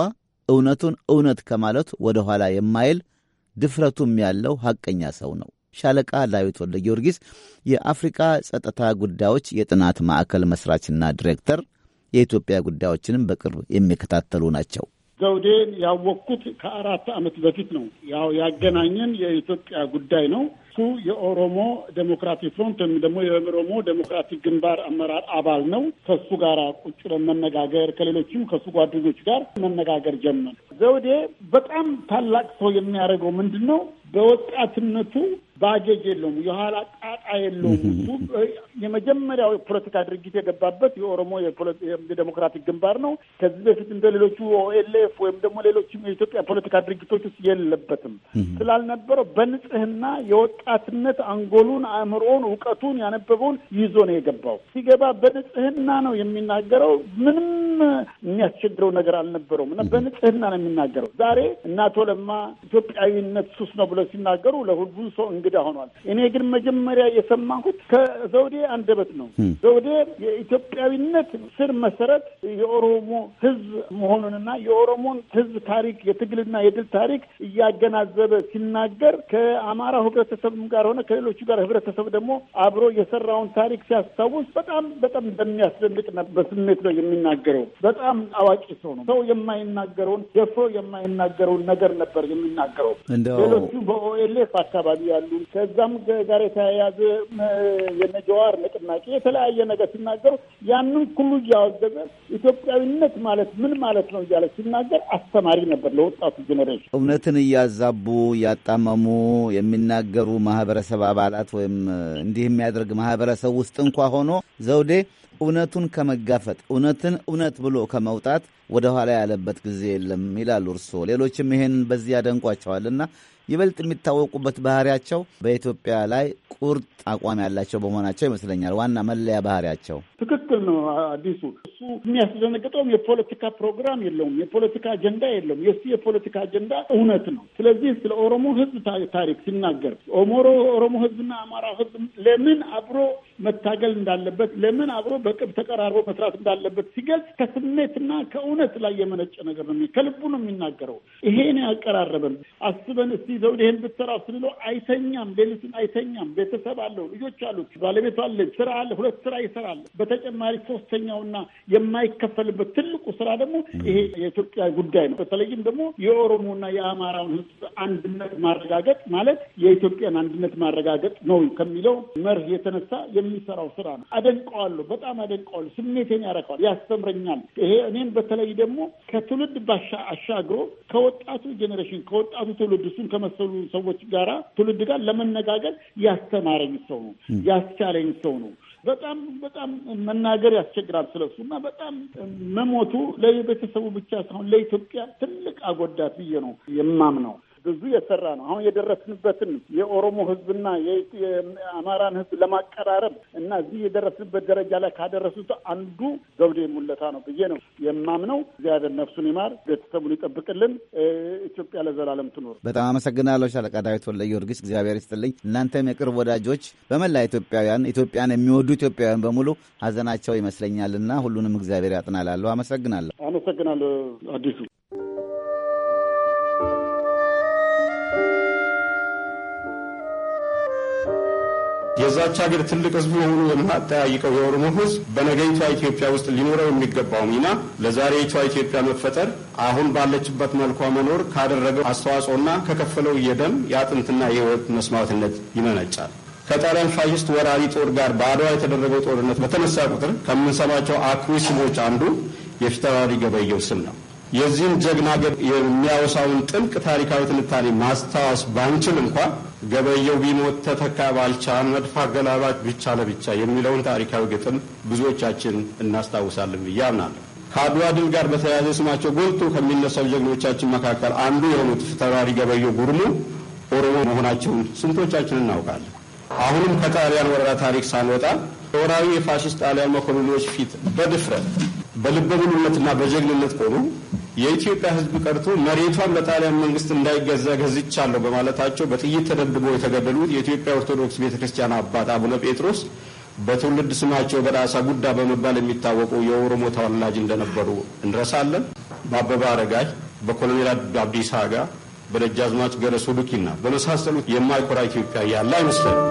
እውነቱን እውነት ከማለት ወደ ኋላ የማይል ድፍረቱም ያለው ሐቀኛ ሰው ነው። ሻለቃ ዳዊት ወልደ ጊዮርጊስ የአፍሪካ ጸጥታ ጉዳዮች የጥናት ማዕከል መስራችና ዲሬክተር የኢትዮጵያ ጉዳዮችንም በቅርብ የሚከታተሉ ናቸው። ዘውዴን ያወቅኩት ከአራት ዓመት በፊት ነው። ያው ያገናኘን የኢትዮጵያ ጉዳይ ነው። እሱ የኦሮሞ ዴሞክራቲክ ፍሮንት ወይም ደግሞ የኦሮሞ ዴሞክራቲክ ግንባር አመራር አባል ነው። ከሱ ጋር ቁጭ ብለን መነጋገር ከሌሎችም ከሱ ጓደኞች ጋር መነጋገር ጀመር። ዘውዴ በጣም ታላቅ ሰው የሚያደርገው ምንድን ነው? በወጣትነቱ ባጀጅ የለውም፣ የኋላ ጣጣ የለውም። እሱ የመጀመሪያው የፖለቲካ ድርጊት የገባበት የኦሮሞ የዴሞክራቲክ ግንባር ነው። ከዚህ በፊት እንደ ሌሎቹ ኦኤልኤፍ ወይም ደግሞ ሌሎችም የኢትዮጵያ ፖለቲካ ድርጊቶች ውስጥ የለበትም ስላልነበረው በንጽህና የወጣትነት አንጎሉን፣ አእምሮውን፣ እውቀቱን ያነበበውን ይዞ ነው የገባው። ሲገባ በንጽህና ነው የሚናገረው። ምንም የሚያስቸግረው ነገር አልነበረውም እና በንጽህና ነው የሚናገረው። ዛሬ እና አቶ ለማ ኢትዮጵያዊነት ሱስ ነው ብሎ ብለው ሲናገሩ ለሁሉ ሰው እንግዳ ሆኗል። እኔ ግን መጀመሪያ የሰማሁት ከዘውዴ አንደበት ነው። ዘውዴ የኢትዮጵያዊነት ስር መሰረት የኦሮሞ ህዝብ መሆኑንና የኦሮሞን ህዝብ ታሪክ የትግልና የድል ታሪክ እያገናዘበ ሲናገር ከአማራ ህብረተሰብም ጋር ሆነ ከሌሎቹ ጋር ህብረተሰብ ደግሞ አብሮ የሰራውን ታሪክ ሲያስታውስ በጣም በጣም በሚያስደንቅ በስሜት ነው የሚናገረው። በጣም አዋቂ ሰው ነው። ሰው የማይናገረውን ደፍሮ የማይናገረውን ነገር ነበር የሚናገረው። ሌሎቹ በኦኤልኤፍ አካባቢ ያሉ ከዛም ጋር የተያያዘ የነጀዋር ንቅናቄ የተለያየ ነገር ሲናገሩ ያንን ሁሉ እያወገዘ ኢትዮጵያዊነት ማለት ምን ማለት ነው እያለ ሲናገር አስተማሪ ነበር ለወጣቱ ጄኔሬሽን። እውነትን እያዛቡ እያጣመሙ የሚናገሩ ማህበረሰብ አባላት ወይም እንዲህ የሚያደርግ ማህበረሰብ ውስጥ እንኳ ሆኖ ዘውዴ እውነቱን ከመጋፈጥ እውነትን እውነት ብሎ ከመውጣት ወደኋላ ያለበት ጊዜ የለም ይላሉ እርስዎ። ሌሎችም ይሄን በዚህ ያደንቋቸዋልና ይበልጥ የሚታወቁበት ባህሪያቸው በኢትዮጵያ ላይ ቁርጥ አቋም ያላቸው በመሆናቸው ይመስለኛል። ዋና መለያ ባህሪያቸው ትክክል ነው። አዲሱ እሱ የሚያስደነግጠውም የፖለቲካ ፕሮግራም የለውም፣ የፖለቲካ አጀንዳ የለውም። የእሱ የፖለቲካ አጀንዳ እውነት ነው። ስለዚህ ስለ ኦሮሞ ህዝብ ታሪክ ሲናገር ኦሮሞ ህዝብና አማራ ህዝብ ለምን አብሮ መታገል እንዳለበት፣ ለምን አብሮ በቅብ ተቀራርቦ መስራት እንዳለበት ሲገልጽ ከስሜትና ከእውነት ላይ የመነጨ ነገር ነው፣ ከልቡ ነው የሚናገረው። ይሄን ያቀራረበን አስበን እስቲ ዘውድ ይሄን ብትሰራ ስንለው አይተኛም፣ ሌሊቱን አይተኛም። ቤተሰብ አለው፣ ልጆች አሉት፣ ባለቤቱ አለ ስራ አለ፣ ሁለት ስራ ይሰራል። በተጨማሪ ሶስተኛውና የማይከፈልበት ትልቁ ስራ ደግሞ ይሄ የኢትዮጵያ ጉዳይ ነው። በተለይም ደግሞ የኦሮሞና የአማራውን ህዝብ አንድነት ማረጋገጥ ማለት የኢትዮጵያን አንድነት ማረጋገጥ ነው ከሚለው መርህ የተነሳ የሚሰራው ስራ ነው። አደንቀዋለሁ፣ በጣም አደንቀዋለሁ። ስሜቴን ያረከዋል፣ ያስተምረኛል። ይሄ እኔም በተለይ ደግሞ ከትውልድ ባሻ አሻግሮ ከወጣቱ ጄኔሬሽን ከወጣቱ ትውልድ እሱን ከመሰሉ ሰዎች ጋራ ትውልድ ጋር ለመነጋገር ያስተማረኝ ሰው ነው፣ ያስቻለኝ ሰው ነው። በጣም በጣም መናገር ያስቸግራል ስለሱ እና በጣም መሞቱ ለቤተሰቡ ብቻ ሳይሆን ለኢትዮጵያ ትልቅ አጎዳት ብዬ ነው የማምነው። ብዙ የሰራ ነው። አሁን የደረስንበትን የኦሮሞ ህዝብና የአማራን ህዝብ ለማቀራረብ እና እዚህ የደረስንበት ደረጃ ላይ ካደረሱት አንዱ ዘውዴ ሙለታ ነው ብዬ ነው የማምነው። እግዚአብሔር ነፍሱን ይማር፣ ቤተሰቡን ይጠብቅልን። ኢትዮጵያ ለዘላለም ትኖር። በጣም አመሰግናለሁ ሻለቃ ዳዊት ወልደ ጊዮርጊስ፣ እግዚአብሔር ይስጥልኝ። እናንተም የቅርብ ወዳጆች በመላ ኢትዮጵያውያን፣ ኢትዮጵያን የሚወዱ ኢትዮጵያውያን በሙሉ ሀዘናቸው ይመስለኛልና ሁሉንም እግዚአብሔር ያጥናላለሁ። አመሰግናለሁ። አመሰግናለሁ አዲሱ የዛች ሀገር ትልቅ ህዝብ መሆኑ የማጠያይቀው የኦሮሞ ህዝብ በነገይቷ ኢትዮጵያ ውስጥ ሊኖረው የሚገባው ሚና ለዛሬቷ ኢትዮጵያ መፈጠር አሁን ባለችበት መልኳ መኖር ካደረገው አስተዋጽኦና ከከፈለው የደም የአጥንትና የህይወት መስማትነት ይመነጫል። ከጣሊያን ፋሽስት ወራሪ ጦር ጋር በአድዋ የተደረገው ጦርነት በተነሳ ቁጥር ከምንሰማቸው አኩሪ ስሞች አንዱ የፊታውራሪ ገበየው ስም ነው። የዚህም ጀግና ገብ የሚያወሳውን ጥልቅ ታሪካዊ ትንታኔ ማስታወስ ባንችል እንኳ ገበየው ቢሞት ተተካ ባልቻ መድፋ አገላባጭ ብቻ ለብቻ የሚለውን ታሪካዊ ግጥም ብዙዎቻችን እናስታውሳለን ብዬ አምናለሁ። ከአድዋ ድል ጋር በተያያዘ ስማቸው ጎልቶ ከሚነሳው ጀግኖቻችን መካከል አንዱ የሆኑት ተራሪ ገበየው ጉርሙ ኦሮሞ መሆናቸውን ስንቶቻችን እናውቃለን? አሁንም ከጣሊያን ወረራ ታሪክ ሳንወጣ ወራዊ የፋሽስት ጣሊያን መኮንኖች ፊት በድፍረት በልበ ሙሉነትና በጀግንነት ቆሙ። የኢትዮጵያ ሕዝብ ቀርቶ መሬቷን በጣሊያን መንግስት እንዳይገዛ ገዝቻለሁ በማለታቸው በጥይት ተደብድበው የተገደሉት የኢትዮጵያ ኦርቶዶክስ ቤተ ክርስቲያን አባት አቡነ ጴጥሮስ በትውልድ ስማቸው በራሳ ጉዳ በመባል የሚታወቁ የኦሮሞ ተወላጅ እንደነበሩ እንረሳለን። በአበበ አረጋይ፣ በኮሎኔል አብዲሳ አጋ፣ በደጃዝማች ገረሱ ዱኪና በመሳሰሉት የማይኮራ ኢትዮጵያ ያለ አይመስለንም።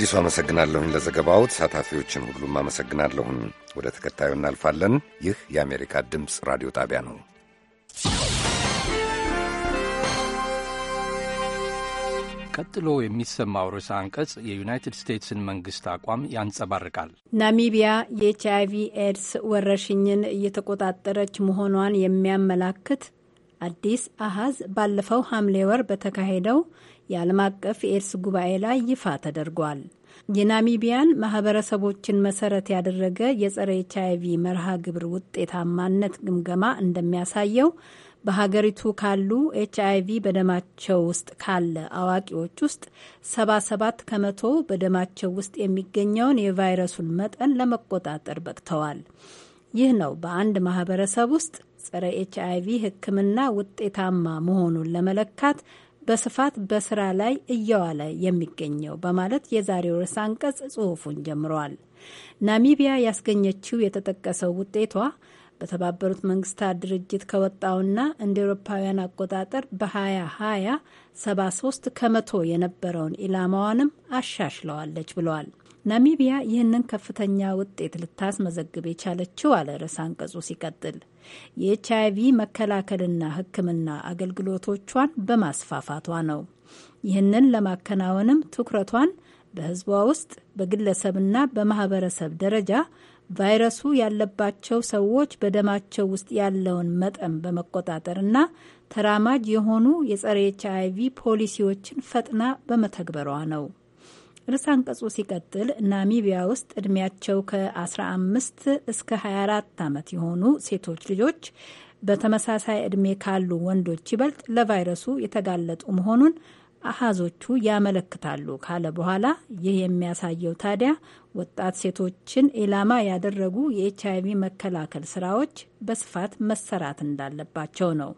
አዲሱ አመሰግናለሁኝ ለዘገባው። ተሳታፊዎችን ሁሉም አመሰግናለሁን። ወደ ተከታዩ እናልፋለን። ይህ የአሜሪካ ድምፅ ራዲዮ ጣቢያ ነው። ቀጥሎ የሚሰማው ርዕሰ አንቀጽ የዩናይትድ ስቴትስን መንግስት አቋም ያንጸባርቃል። ናሚቢያ የኤች ኤድስ ወረርሽኝን እየተቆጣጠረች መሆኗን የሚያመላክት አዲስ አሃዝ ባለፈው ሐምሌ ወር በተካሄደው የዓለም አቀፍ የኤድስ ጉባኤ ላይ ይፋ ተደርጓል። የናሚቢያን ማህበረሰቦችን መሰረት ያደረገ የጸረ ኤች ቪ መርሃ ግብር ውጤታማነት ግምገማ እንደሚያሳየው በሀገሪቱ ካሉ ኤች አይቪ በደማቸው ውስጥ ካለ አዋቂዎች ውስጥ 77 ከመቶ በደማቸው ውስጥ የሚገኘውን የቫይረሱን መጠን ለመቆጣጠር በቅተዋል። ይህ ነው በአንድ ማህበረሰብ ውስጥ ጸረ ኤች አይቪ ሕክምና ውጤታማ መሆኑን ለመለካት በስፋት በስራ ላይ እየዋለ የሚገኘው በማለት የዛሬው ርዕስ አንቀጽ ጽሑፉን ጀምረዋል። ናሚቢያ ያስገኘችው የተጠቀሰው ውጤቷ በተባበሩት መንግስታት ድርጅት ከወጣውና እንደ ኤሮፓውያን አቆጣጠር በ2020 73 ከመቶ የነበረውን ኢላማዋንም አሻሽለዋለች ብለዋል። ናሚቢያ ይህንን ከፍተኛ ውጤት ልታስመዘግብ የቻለችው አለ ርዕስ አንቀጹ ሲቀጥል የኤች አይቪ መከላከልና ሕክምና አገልግሎቶቿን በማስፋፋቷ ነው። ይህንን ለማከናወንም ትኩረቷን በህዝቧ ውስጥ በግለሰብና በማህበረሰብ ደረጃ ቫይረሱ ያለባቸው ሰዎች በደማቸው ውስጥ ያለውን መጠን በመቆጣጠርና ተራማጅ የሆኑ የጸረ ኤች አይቪ ፖሊሲዎችን ፈጥና በመተግበሯ ነው። ርዕሰ አንቀጹ ሲቀጥል ናሚቢያ ውስጥ እድሜያቸው ከ15 እስከ 24 ዓመት የሆኑ ሴቶች ልጆች በተመሳሳይ ዕድሜ ካሉ ወንዶች ይበልጥ ለቫይረሱ የተጋለጡ መሆኑን አሃዞቹ ያመለክታሉ ካለ በኋላ ይህ የሚያሳየው ታዲያ ወጣት ሴቶችን ኢላማ ያደረጉ የኤች አይቪ መከላከል ስራዎች በስፋት መሰራት እንዳለባቸው ነው።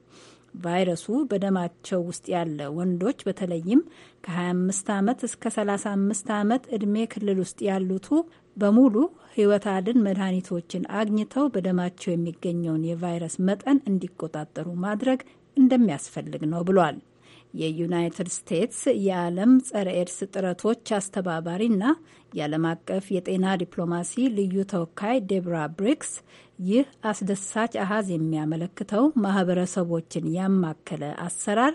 ቫይረሱ በደማቸው ውስጥ ያለ ወንዶች በተለይም ከ25 ዓመት እስከ 35 ዓመት ዕድሜ ክልል ውስጥ ያሉቱ በሙሉ ህይወት አድን መድኃኒቶችን አግኝተው በደማቸው የሚገኘውን የቫይረስ መጠን እንዲቆጣጠሩ ማድረግ እንደሚያስፈልግ ነው ብሏል። የዩናይትድ ስቴትስ የዓለም ጸረ ኤድስ ጥረቶች አስተባባሪና የዓለም አቀፍ የጤና ዲፕሎማሲ ልዩ ተወካይ ዴብራ ብሪክስ ይህ አስደሳች አሃዝ የሚያመለክተው ማህበረሰቦችን ያማከለ አሰራር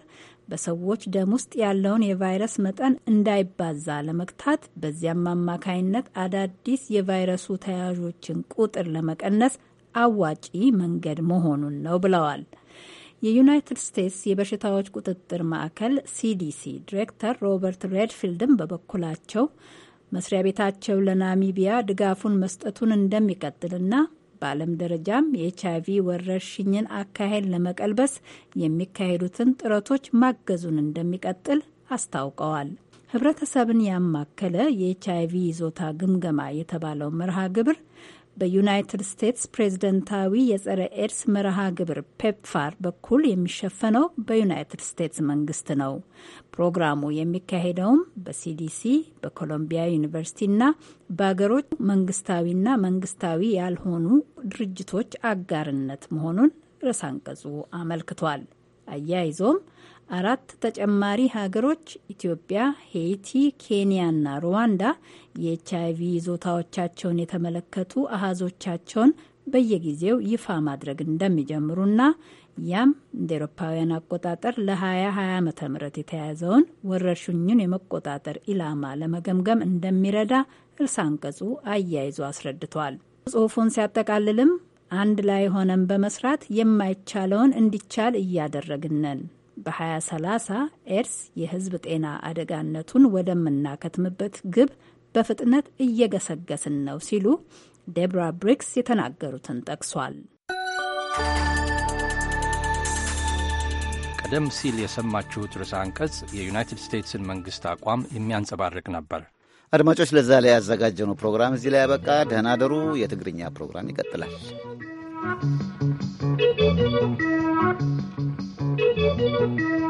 በሰዎች ደም ውስጥ ያለውን የቫይረስ መጠን እንዳይባዛ ለመግታት በዚያም አማካይነት አዳዲስ የቫይረሱ ተያዦችን ቁጥር ለመቀነስ አዋጪ መንገድ መሆኑን ነው ብለዋል። የዩናይትድ ስቴትስ የበሽታዎች ቁጥጥር ማዕከል ሲዲሲ ዲሬክተር ሮበርት ሬድፊልድም በበኩላቸው መስሪያ ቤታቸው ለናሚቢያ ድጋፉን መስጠቱን እንደሚቀጥልና በዓለም ደረጃም የኤች አይቪ ወረርሽኝን አካሄድ ለመቀልበስ የሚካሄዱትን ጥረቶች ማገዙን እንደሚቀጥል አስታውቀዋል። ህብረተሰብን ያማከለ የኤች አይቪ ይዞታ ግምገማ የተባለው መርሃ ግብር በዩናይትድ ስቴትስ ፕሬዝደንታዊ የጸረ ኤድስ መርሃ ግብር ፔፕፋር በኩል የሚሸፈነው በዩናይትድ ስቴትስ መንግስት ነው። ፕሮግራሙ የሚካሄደውም በሲዲሲ በኮሎምቢያ ዩኒቨርሲቲና በአገሮች መንግስታዊና መንግስታዊ ያልሆኑ ድርጅቶች አጋርነት መሆኑን ርዕሰ አንቀጹ አመልክቷል። አያይዞም አራት ተጨማሪ ሀገሮች ኢትዮጵያ፣ ሄይቲ፣ ኬንያና ሩዋንዳ የኤች ይዞታዎቻቸውን የተመለከቱ አሃዞቻቸውን በየጊዜው ይፋ ማድረግ እንደሚጀምሩና ያም እንደ ኤሮፓውያን አቆጣጠር ለ2020 ዓ ም የተያዘውን ወረርሽኙን የመቆጣጠር ኢላማ ለመገምገም እንደሚረዳ እርሳ አንቀጹ አያይዞ አስረድቷል። ጽሑፉን ሲያጠቃልልም አንድ ላይ ሆነን በመስራት የማይቻለውን እንዲቻል እያደረግነን በ2030 ኤድስ የሕዝብ ጤና አደጋነቱን ወደምናከትምበት ግብ በፍጥነት እየገሰገስን ነው ሲሉ ዴብራ ብሪክስ የተናገሩትን ጠቅሷል። ቀደም ሲል የሰማችሁት ርዕሰ አንቀጽ የዩናይትድ ስቴትስን መንግሥት አቋም የሚያንጸባርቅ ነበር። አድማጮች፣ ለዛ ላይ ያዘጋጀነው ፕሮግራም እዚህ ላይ ያበቃ። ደህና ደሩ። የትግርኛ ፕሮግራም ይቀጥላል። Música